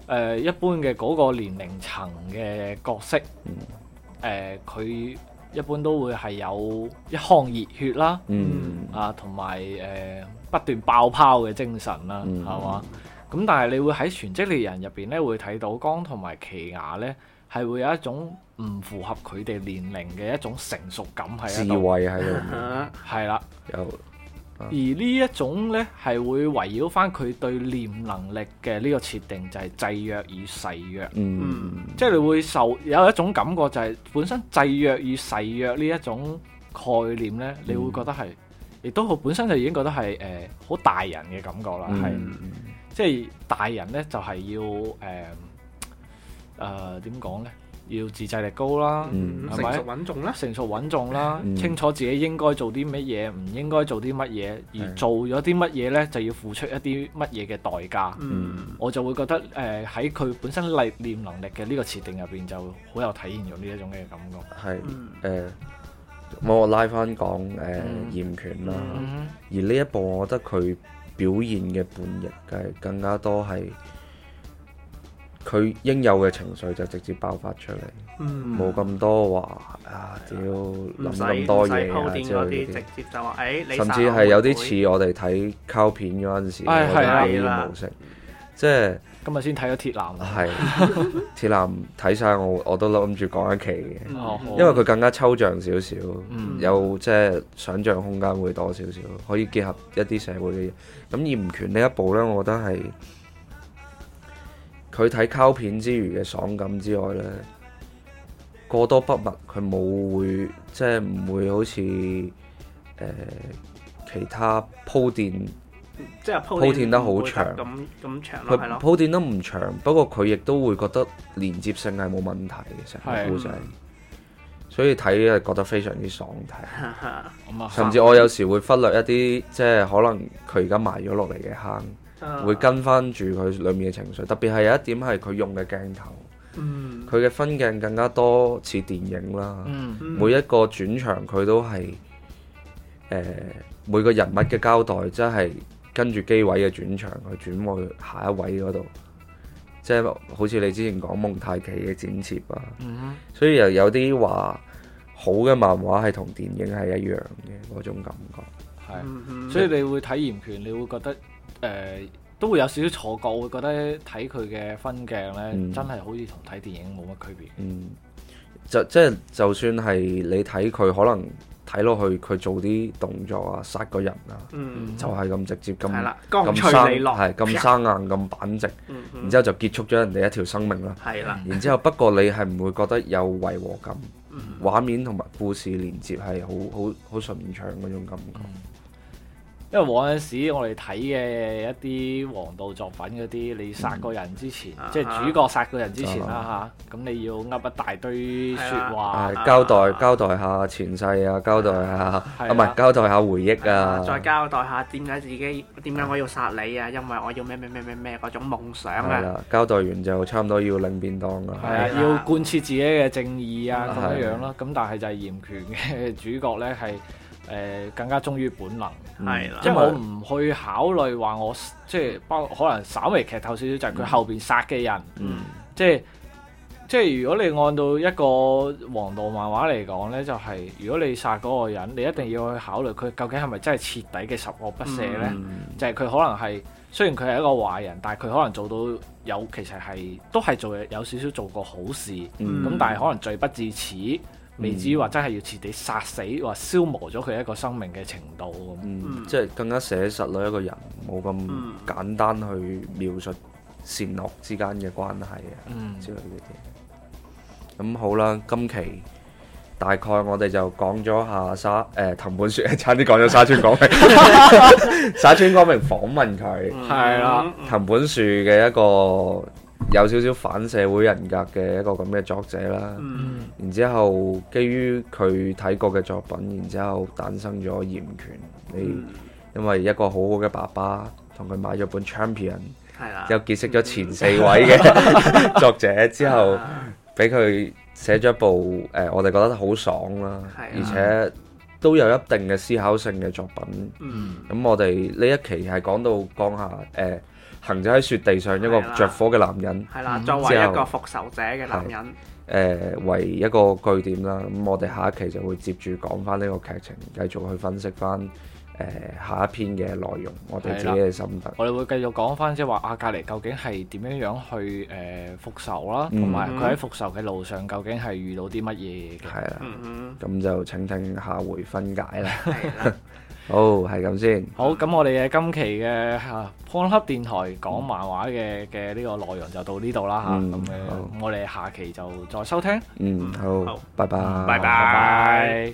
呃、一般嘅嗰個年齡層嘅角色，誒、呃、佢一般都會係有一腔熱血啦，嗯、啊，同埋誒不斷爆泡嘅精神啦，係嘛、嗯？咁但係你會喺《全職獵人》入邊咧，會睇到光同埋奇牙咧，係會有一種。唔符合佢哋年齡嘅一種成熟感喺度 的，智慧喺度，係啦。而呢一種呢，係會圍繞翻佢對念能力嘅呢個設定，就係、是、制約與誓約。嗯，即係你會受有一種感覺，就係本身制約與誓約呢一種概念呢，你會覺得係，亦、嗯、都好本身就已經覺得係誒好大人嘅感覺啦。係，嗯、即係大人呢，就係、是、要誒誒點講咧？呃呃呃要自制力高啦，係、嗯、吧成熟穩重咧？成熟穩重啦，嗯、清楚自己應該做啲乜嘢，唔應該做啲乜嘢，而做咗啲乜嘢呢，嗯、就要付出一啲乜嘢嘅代價。嗯，我就會覺得，誒喺佢本身歷練能力嘅呢個設定入邊，就好有體現咗呢一種嘅感覺。係是，誒、嗯、呃，我拉翻講，誒、呃，嚴權啦，嗯嗯、而呢一部我覺得佢表現嘅叛逆嘅更加多係。佢應有嘅情緒就直接爆發出嚟，冇咁多話啊，要諗咁多嘢啊之類呢啲。甚至係有啲似我哋睇膠片嗰陣時嘅睇嘅模式，即係今日先睇咗鐵男。係鐵男睇晒我，我都諗住講一期嘅，因為佢更加抽象少少，有即係想像空間會多少少，可以結合一啲社會嘅嘢。咁而唔權呢一步呢，我覺得係。佢睇膠片之餘嘅爽感之外咧，過多不密，佢冇會即係唔會好似誒其他鋪墊，即係鋪，鋪墊得好長。咁咁長咯，係咯。鋪墊得唔長，的不過佢亦都會覺得連接性係冇問題嘅成個故仔，的所以睇係覺得非常之爽睇。甚至 我有時會忽略一啲，即係可能佢而家埋咗落嚟嘅坑。會跟翻住佢裏面嘅情緒，特別係有一點係佢用嘅鏡頭，佢嘅、嗯、分鏡更加多似電影啦。嗯嗯、每一個轉場佢都係誒、呃，每個人物嘅交代，即係跟住機位嘅轉場去轉去下一位嗰度，即係好似你之前講蒙太奇嘅剪接啊。嗯、哼所以又有啲話好嘅漫畫係同電影係一樣嘅嗰種感覺。係、嗯，嗯嗯、所以你會睇《炎拳》，你會覺得。誒，都會有少少錯覺，會覺得睇佢嘅分鏡呢，真係好似同睇電影冇乜區別。嗯，就即係就算係你睇佢，可能睇落去佢做啲動作啊，殺個人啊，嗯，就係咁直接咁，係啦，乾脆利落，係咁生硬咁板直，然之後就結束咗人哋一條生命啦。係啦，然之後不過你係唔會覺得有違和感，畫面同埋故事連接係好好好順暢嗰種感覺。因為往陣時我哋睇嘅一啲王道作品嗰啲，你殺個人之前，即係主角殺個人之前啦嚇，咁你要噏一大堆説話，交代交代下前世啊，交代下，唔係交代下回憶啊，再交代下點解自己點解我要殺你啊？因為我要咩咩咩咩咩嗰種夢想啊。交代完就差唔多要領便當啦，係啊，要貫徹自己嘅正義啊咁樣樣咯。咁但係就係嚴權嘅主角咧係。誒、呃、更加忠於本能，係的，即係我唔去考慮話我即係包可能稍微劇透少少、嗯、就係佢後邊殺嘅人，嗯、即係即係如果你按到一個王道漫畫嚟講呢，就係、是、如果你殺嗰個人，你一定要去考慮佢究竟係咪真係徹底嘅十惡不赦呢。嗯、就係佢可能係雖然佢係一個壞人，但係佢可能做到有其實係都係做有少少做過好事，咁、嗯、但係可能罪不至此。未至於話真係要徹底殺死，話消磨咗佢一個生命嘅程度。咁、嗯嗯、即係更加寫實咯，一個人冇咁簡單去描述善惡之間嘅關係啊，之類啲嘢。咁好啦，今期大概我哋就講咗下沙誒、呃、藤本樹， 差啲講咗沙村廣明。 沙村廣明訪問佢，係、嗯、啦，嗯、藤本樹嘅一個。有少少反社會人格嘅一個咁嘅作者啦，嗯、然之後基於佢睇過嘅作品，然之後誕生咗《鹽權》嗯。你因為一個好好嘅爸爸 ion, 的，同佢買咗本《Champion》，又結識咗前四位嘅的 作者，之後俾佢寫咗一部誒、呃，我哋覺得好爽啦，的而且都有一定嘅思考性嘅作品。咁、嗯嗯、我哋呢一期係講到講下誒。呃行咗喺雪地上，一個著火嘅男人。係啦，作為一個復仇者嘅男人。誒，為一個據點啦。咁我哋下一期就會接住講翻呢個劇情，繼續去分析翻誒下一篇嘅內容，我哋自己嘅心得。我哋會繼續講翻，即係話啊，隔離究竟係點樣樣去誒復仇啦，同埋佢喺復仇嘅路上究竟係遇到啲乜嘢嘅？係啦，咁就請聽下回分解啦。好，係咁先。好，咁我哋嘅今期嘅破殼電台講漫畫嘅嘅呢個內容就到呢度啦吓。咁，我哋下期就再收聽。嗯，好，拜拜，拜拜。